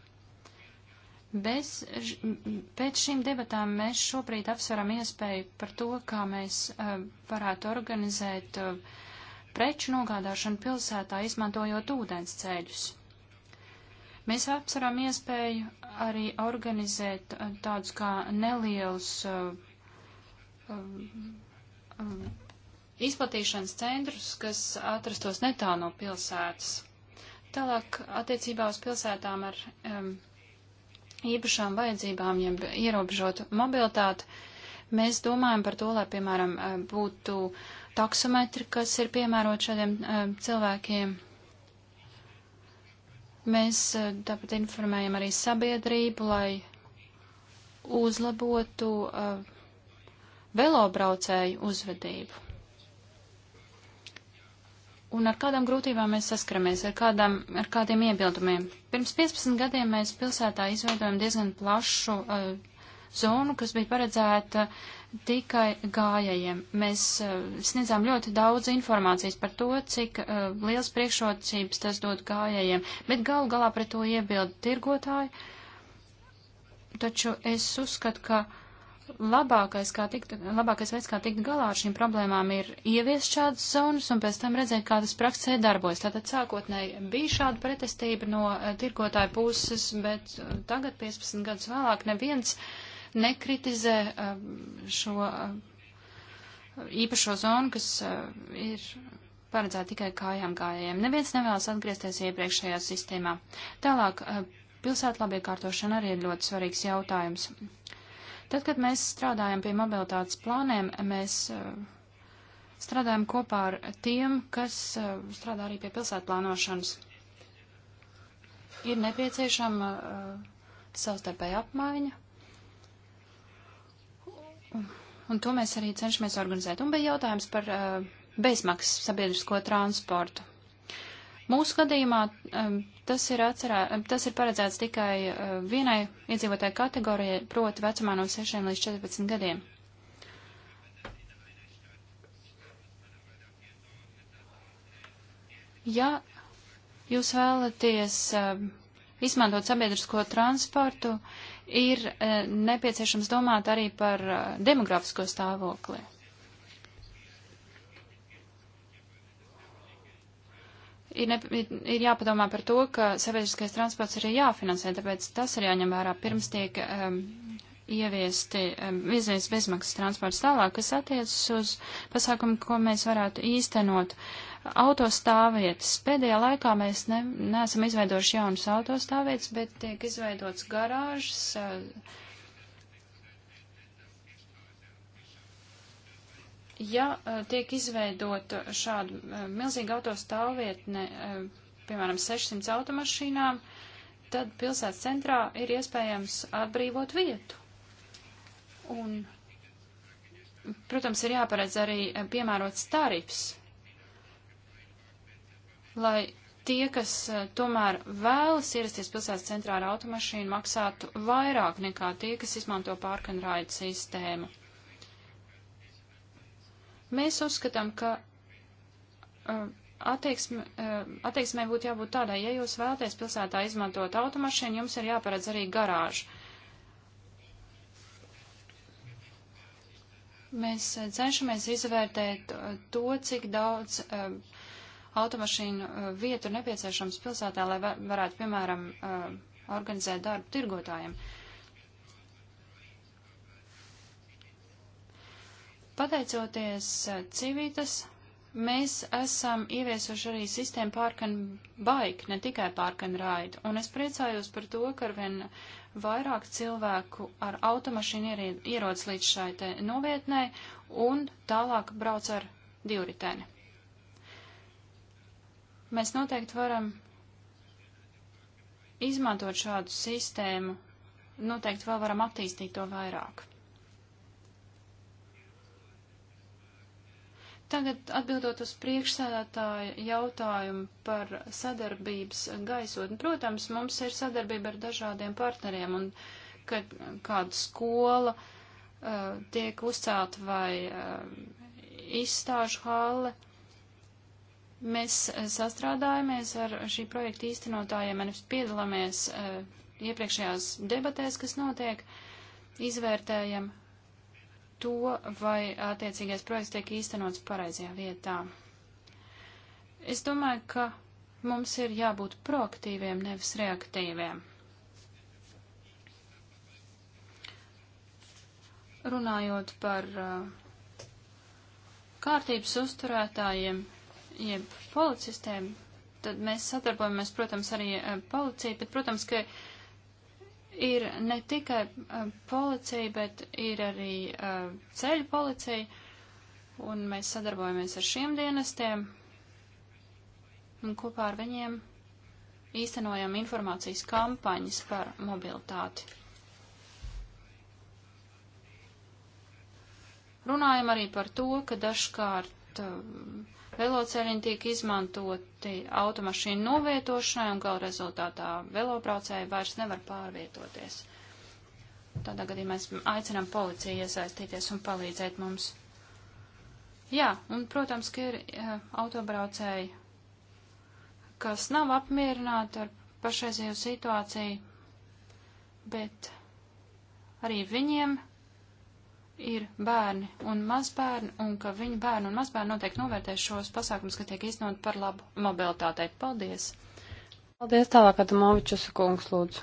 Bez, pēc šīm debatām mēs šobrīd apsveram iespēju par to, kā mēs uh, varētu organizēt uh, preču nogādāšanu pilsētā, izmantojot ūdens ceļus. Mēs apsveram iespēju arī organizēt uh, tādus kā nelielus izplatīšanas centrus, kas atrastos netālu no pilsētas. Tālāk attiecībā uz pilsētām ar um, īpašām vajadzībām, jeb ierobežotu mobilitāti, mēs domājam par to, lai, piemēram, eh, būtu taksometri, kas ir piemērot šādiem eh, cilvēkiem. Mēs eh, tāpat informējam arī sabiedrību, lai uzlabotu velobraucēju uzvedību un ar kādām grūtībām mēs saskaramies, ar, kādām, ar kādiem iebildumiem. Pirms 15 gadiem mēs pilsētā izveidojam diezgan plašu uh, zonu, kas bija paredzēta tikai gājējiem. Mēs uh, sniedzām ļoti daudz informācijas par to, cik uh, liels priekšrocības tas dod gājējiem, bet galu galā pret to iebildu tirgotāji. Taču es uzskatu, ka uh, labākais, kā tikt, labākais veids, kā tikt galā ar šīm problēmām, ir ieviest šādas zonas un pēc tam redzēt, kā tas praksē darbojas. Tātad sākotnēji bija šāda pretestība no eh, tirkotāja puses, bet eh, tagad, 15 gadus vēlāk, neviens nekritizē eh, šo īpašo zonu, kas ir paredzēta tikai kājām gājējiem. Neviens nevēlas atgriezties iepriekšējā sistēmā. Tālāk, pilsētlabi iekārtošana arī ir ļoti svarīgs jautājums. Tad, kad mēs strādājam pie mobilitātes plāniem, mēs eh, strādājam kopā ar tiem, kas eh, strādā arī pie pilsētplānošanas. Ir nepieciešama eh, savstarpēja apmaiņa. Un to mēs arī cenšamies organizēt. Un bija jautājums par bezmaksas sabiedrisko transportu. Mūsu gadījumā tas ir, atcerā, tas ir paredzēts tikai vienai iedzīvotāju kategorijai, proti vecumā no 6 līdz 14 gadiem. Ja jūs vēlaties izmantot sabiedrisko transportu, ir nepieciešams domāt arī par demografisko stāvokli. ir, ne, ir jāpadomā par to, ka sabiedriskais transports arī jāfinansē, tāpēc tas ir jāņem vērā pirms tiek um, ieviesti um, izvies bezmaksas transports tālāk, kas attiecas uz pasākumu, ko mēs varētu īstenot. Autostāvvietas. Pēdējā laikā mēs ne, neesam izveidojuši jaunas autostāvvietas, bet tiek izveidots garāžas, uh, ja eh, tiek izveidot šādu eh, milzīgu autostāvvietne, eh, piemēram, 600 automašīnām, tad pilsētas centrā ir iespējams atbrīvot vietu. Un, protams, ir jāparedz arī piemērots tarifs, lai tie, kas tomēr vēlas ierasties pilsētas centrā ar automašīnu, maksātu vairāk nekā tie, kas izmanto pārkanrāju sistēmu. Mēs uzskatām, ka uh, attieksme, uh, attieksmē būtu jābūt tādai, ja jūs vēlaties pilsētā izmantot automašīnu, jums ir jāparedz arī garāžu. Mēs uh, cenšamies izvērtēt uh, to, cik daudz uh, automašīnu uh, vietu nepieciešams pilsētā, lai var, varētu, piemēram, organizēt darbu tirgotājiem. Uh, Pateicoties eh, civitas, mēs esam ieviesuši arī sistēmu pārkanu baiku, ne tikai pārkanu raidu, un es priecājos par to, ka arvien vairāk cilvēku ar automašīnu ierodas līdz šai te novietnē un tālāk brauc ar divriteni. Mēs noteikti varam izmantot šādu sistēmu, noteikti vēl varam attīstīt to vairāk. Tagad atbildot uz priekšsēdētāja jautājumu par sadarbības gaisotni. Protams, mums ir sadarbība ar dažādiem partneriem un kad kāda skola uh, tiek uzcelta vai uh, izstāžu hale. Mēs eh, sastrādājamies ar šī projekta īstenotājiem, mēs piedalāmies uh, iepriekšējās debatēs, kas notiek, izvērtējam to, vai attiecīgais projekts tiek īstenots pareizajā vietā. Es domāju, ka mums ir jābūt proaktīviem, nevis reaktīviem. Runājot par uh, kārtības uzturētājiem, jeb policistiem, tad mēs sadarbojamies, protams, arī uh, policiju, bet, protams, ka uh, ir ne tikai uh, policija, bet ir arī uh, ceļu policija, un mēs sadarbojamies ar šiem dienestiem, un kopā ar viņiem īstenojam informācijas kampaņas par mobilitāti. Runājam arī par to, ka dažkārt uh, Veloceļi tiek izmantoti automašīnu novietošanai, un gala rezultātā velobraucēji vairs nevar pārvietoties. Tādā gadījumā mēs aicinām policiju iesaistīties un palīdzēt mums. Jā, un, protams, ka ir uh, autobraucēji, kas nav apmierināti ar pašreizējo situāciju, bet arī viņiem ir bērni un mazbērni, un ka viņu bērni un mazbērni noteikti novērtēs šos pasākumus, ka tiek iznot par labu mobilitātei. Paldies! Paldies tālāk, Adamovičus kungs, lūdzu.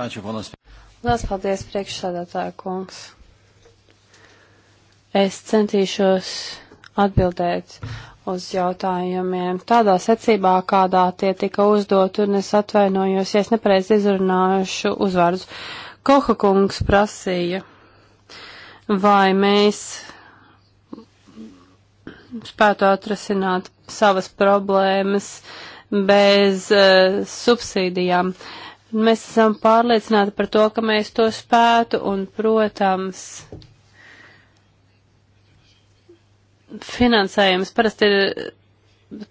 Ačiū, ponas. Lielas paldies, priekšsādātāja kungs. Es centīšos atbildēt uz jautājumiem tādā secībā, kādā tie tika uzdot, un es atvainojos, ja es nepareizi izrunāšu uzvārdus. Uh, Koha kungs prasīja, vai mēs spētu atrasināt savas problēmas bez uh, subsīdijām. Mēs esam pārliecināti par to, ka mēs to spētu un, protams, finansējums parasti ir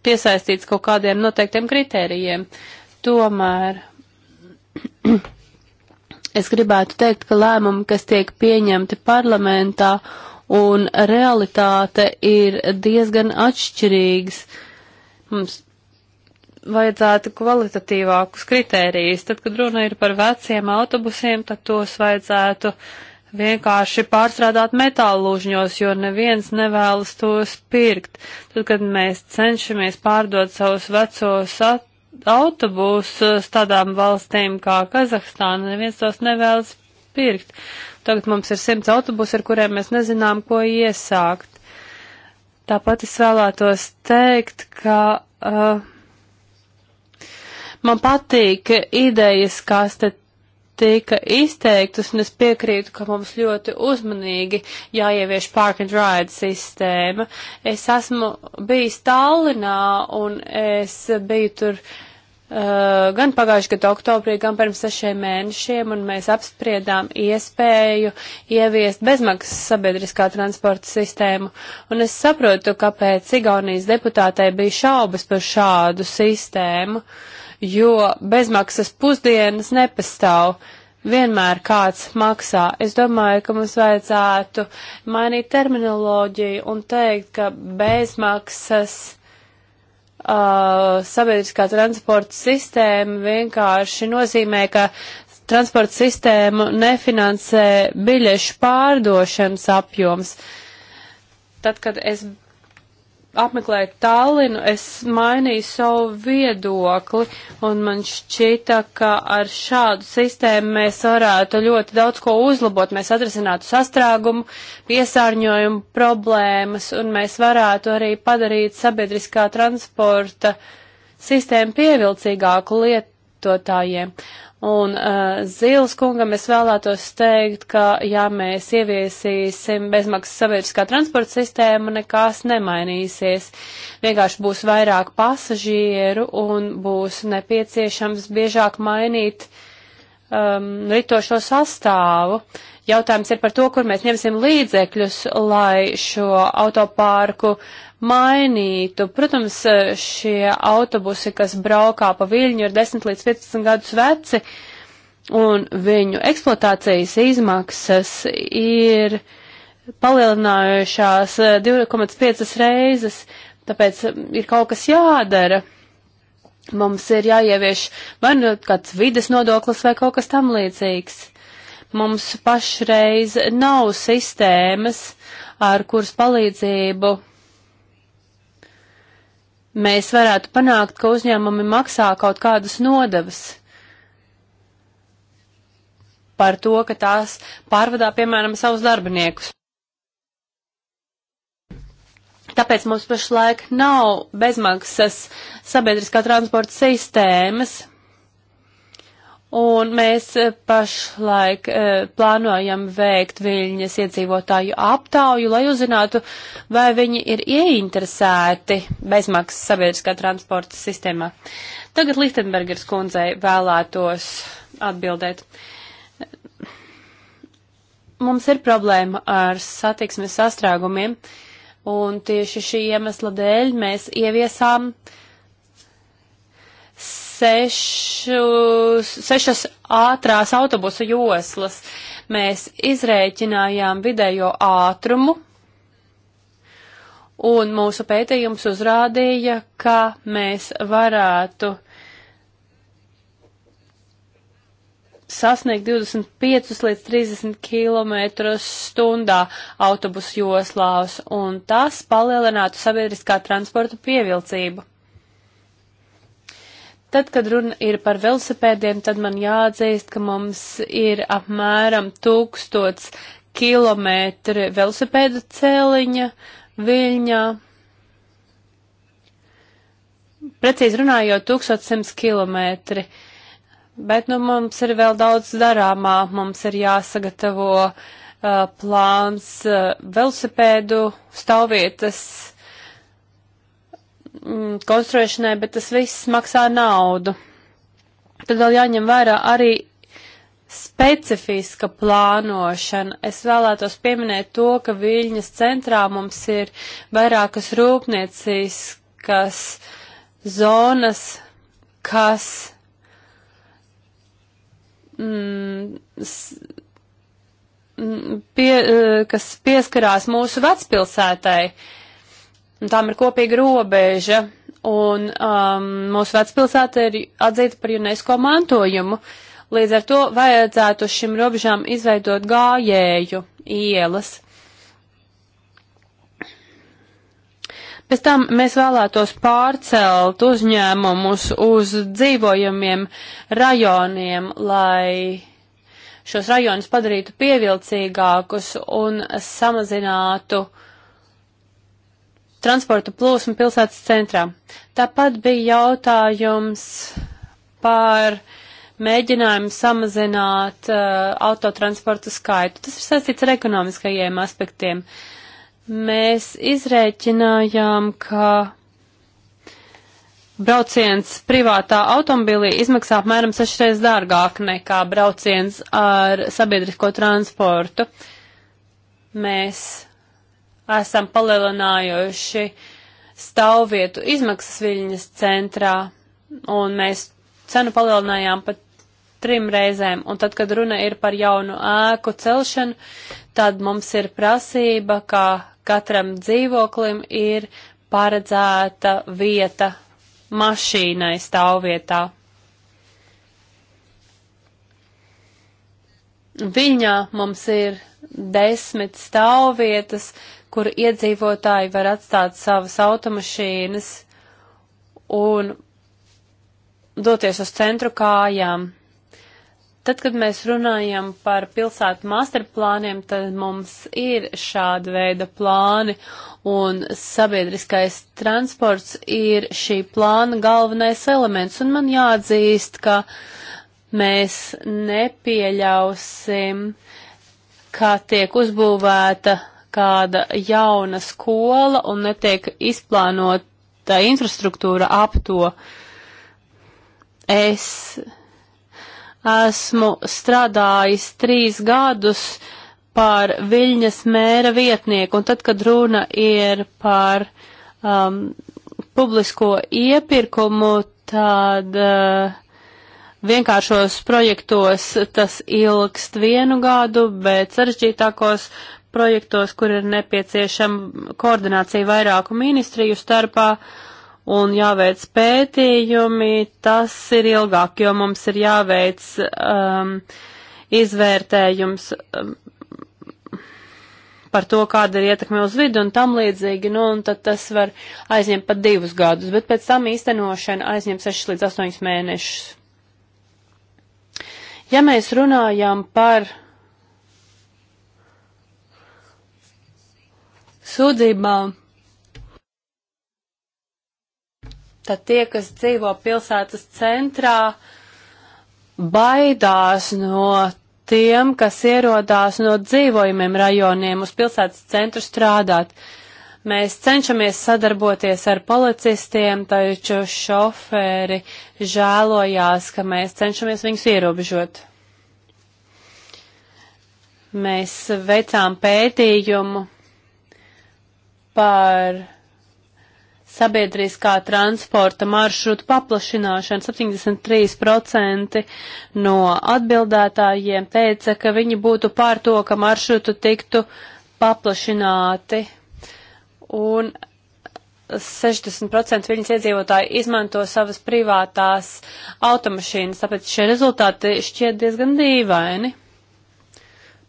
piesaistīts kaut kādiem noteiktiem kritērijiem. Tomēr es gribētu teikt, ka lēmumi, kas tiek pieņemti parlamentā un realitāte ir diezgan atšķirīgas. Mums vajadzētu kvalitatīvākus kritērijus. Tad, kad runa ir par veciem autobusiem, tad tos vajadzētu vienkārši pārstrādāt metālūžņos, jo neviens nevēlas tos pirkt. Tad, kad mēs cenšamies pārdot savus vecos at autobūsus eh, tādām valstīm kā Kazahstāna, neviens tos nevēlas pirkt. Tagad mums ir simts autobusu, ar kuriem mēs nezinām, ko iesākt. Tāpat es vēlētos teikt, ka uh, man patīk idejas, kas te tika izteiktas, un es piekrītu, ka mums ļoti uzmanīgi jāievieš park and ride sistēma. Es esmu bijis Tallinā, un es biju tur uh, gan pagājušajā gadā oktobrī, gan pirms sešiem mēnešiem, un mēs apspriedām iespēju ieviest bezmaksas sabiedriskā transporta sistēmu. Un es saprotu, kāpēc Igaunijas deputātei bija šaubas par šādu sistēmu. Uh, jo bezmaksas pusdienas nepastāv. Vienmēr kāds maksā. Es domāju, ka mums vajadzētu mainīt terminoloģiju un teikt, ka bezmaksas uh, sabiedriskā transporta sistēma vienkārši nozīmē, ka transporta sistēmu nefinansē biļešu pārdošanas apjoms. Tad, kad es apmeklēju Tallinu, es mainīju savu viedokli, un man šķita, ka ar šādu sistēmu mēs varētu ļoti daudz ko uzlabot. Mēs atrisinātu sastrēgumu, piesārņojumu problēmas, un mēs varētu arī padarīt sabiedriskā transporta sistēmu pievilcīgāku lietotājiem. Un uh, Zīles kungam es vēlētos teikt, ka ja mēs ieviesīsim bezmaksas sabiedriskā transporta sistēmu, nekas nemainīsies. Vienkārši būs vairāk pasažieru un būs nepieciešams biežāk mainīt um, ritošo sastāvu. Jautājums ir par to, kur mēs ņemsim līdzekļus, lai šo autopārku mainītu. Protams, šie autobusi, kas braukā pa viļņu, ir 10 līdz 15 gadus veci, un viņu eksploatācijas izmaksas ir palielinājušās 2,5 reizes, tāpēc ir kaut kas jādara mums ir jāievieš vai nu kāds vides nodoklis vai kaut kas tam līdzīgs. Mums pašreiz nav sistēmas, ar kuras palīdzību mēs varētu panākt, ka uzņēmumi maksā kaut kādas nodevas par to, ka tās pārvadā, piemēram, savus darbiniekus. Tāpēc mums pašlaik nav bezmaksas sabiedriskā transporta sistēmas, Un mēs eh, pašlaik e, plānojam veikt viņas iedzīvotāju aptauju, lai uzzinātu, vai viņi ir ieinteresēti bezmaksas sabiedriskā transporta sistēmā. Tagad Lichtenbergers kundzei vēlētos atbildēt. Mums ir problēma ar satiksmes sastrēgumiem, un tieši šī iemesla dēļ mēs ieviesām uh, sešus, sešas ātrās autobusu joslas. Mēs izrēķinājām vidējo ātrumu, un mūsu pētījums uzrādīja, ka mēs varētu sasniegt 25 līdz 30 km stundā autobusu joslās, un tas palielinātu sabiedriskā transporta pievilcību. Tad, kad runa ir par velosipēdiem, tad man jāatzīst, ka mums ir apmēram tūkstots kilometri velosipēdu cēliņa Viļņā. Precīzi runājot, 1100 kilometri. Bet nu, mums ir vēl daudz darāmā. Mums ir jāsagatavo uh, plāns uh, velosipēdu stāvvietas mm, konstruēšanai, bet tas viss maksā naudu. Tad vēl jāņem vērā arī specifiska plānošana. Es vēlētos pieminēt to, ka Viļņas centrā mums ir vairākas rūpnieciskas zonas, kas mm, mm pie, eh, kas pieskarās mūsu vecpilsētai. Uh, un tām ir kopīga robeža, un um, mūsu vecpilsēta ir atzīta par UNESCO mantojumu. Līdz ar to vajadzētu šim robežām izveidot gājēju ielas. Pēc tam mēs vēlētos pārcelt uzņēmumus uz dzīvojamiem rajoniem, lai šos rajonus padarītu pievilcīgākus un samazinātu uh, transporta plūsmu pilsētas centrā. Tāpat bija jautājums par mēģinājumu samazināt uh, autotransporta skaitu. Tas ir saistīts ar ekonomiskajiem aspektiem. Mēs izrēķinājām, ka brauciens privātā automobilī izmaksā apmēram sešreiz dārgāk nekā brauciens ar sabiedrisko transportu. Mēs esam palielinājuši stāvvietu izmaksas viļņas centrā, un mēs cenu palielinājām pat trim reizēm, un tad, kad runa ir par jaunu ēku celšanu, tad mums ir prasība, ka katram dzīvoklim ir paredzēta vieta mašīnai stāvvietā. Viņā mums ir desmit stāvvietas, uh, kur iedzīvotāji var atstāt savas automašīnas un doties uz centru kājām. Tad, kad mēs runājam par pilsētu masterplāniem, tad mums ir šāda veida plāni, un sabiedriskais transports ir šī plāna galvenais elements, un man jāatzīst, ka mēs nepieļausim, kā tiek uzbūvēta kāda jauna skola un netiek izplānota infrastruktūra ap to. Es esmu strādājis trīs gadus par Viļņas mēra vietnieku, un tad, kad runa ir par um, publisko iepirkumu, tad uh, vienkāršos projektos tas ilgst vienu gadu, bet sarežģītākos projektos, kur ir nepieciešama koordinācija vairāku ministriju starpā un jāveic pētījumi, tas ir ilgāk, jo mums ir jāveic um, izvērtējums um, par to, kāda ir ietekme uz vidu un tam līdzīgi, nu, un tad tas var aizņemt pat divus gadus, bet pēc tam īstenošana aizņem 6 līdz 8 mēnešus. Ja mēs runājam par sūdzībām, tad tie, kas dzīvo pilsētas centrā, baidās no tiem, kas ierodās no dzīvojumiem rajoniem uz pilsētas centru strādāt. Mēs cenšamies sadarboties ar policistiem, taču šofēri žēlojās, ka mēs cenšamies viņus ierobežot. Mēs veicām pētījumu par sabiedriskā transporta maršrutu paplašināšanu. 73% no atbildētājiem teica, ka viņi būtu pār to, ka maršrutu tiktu paplašināti. Un 60% viņas iedzīvotāji izmanto savas privātās automašīnas, tāpēc šie rezultāti šķiet diezgan dīvaini.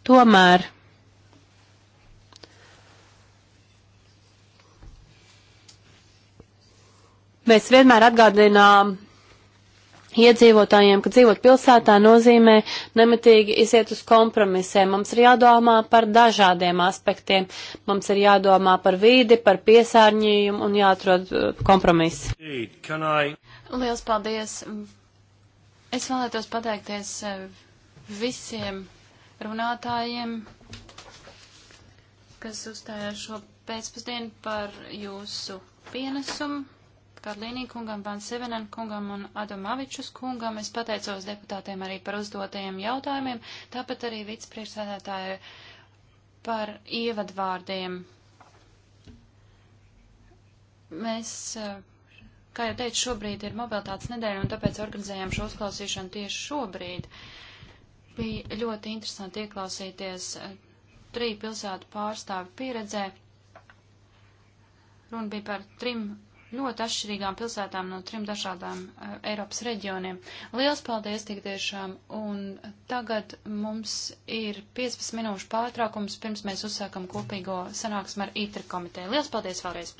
Tomēr Mēs vienmēr atgādinām iedzīvotājiem, ka dzīvot pilsētā nozīmē nemitīgi iziet uz kompromisiem. Mums ir jādomā par dažādiem aspektiem. Mums ir jādomā par vīdi, par piesārņījumu un jāatrod uh, kompromiss. Liels paldies! Es vēlētos pateikties uh, visiem runātājiem, kas uzstājās šo pēcpusdienu par jūsu pienesumu. Kadlīnī kungam, Van Sevenen kungam un Adomavičus kungam. Es pateicos deputātiem arī par uzdotajiem jautājumiem, tāpat arī vicepriekšsēdētāji par ievadvārdiem. Mēs, eh, kā jau teicu, šobrīd ir mobilitātes nedēļa un tāpēc organizējām šo uzklausīšanu tieši šobrīd. Bija ļoti interesanti ieklausīties eh, triju pilsētu pārstāvu pieredzē. Runa bija par trim ļoti atšķirīgām pilsētām no trim dažādām uh, Eiropas reģioniem. Liels paldies tik tiešām, un tagad mums ir 15 minūšu pārtraukums, pirms mēs uzsākam kopīgo sanāksmu ar ITRI komiteju. Liels paldies vēlreiz!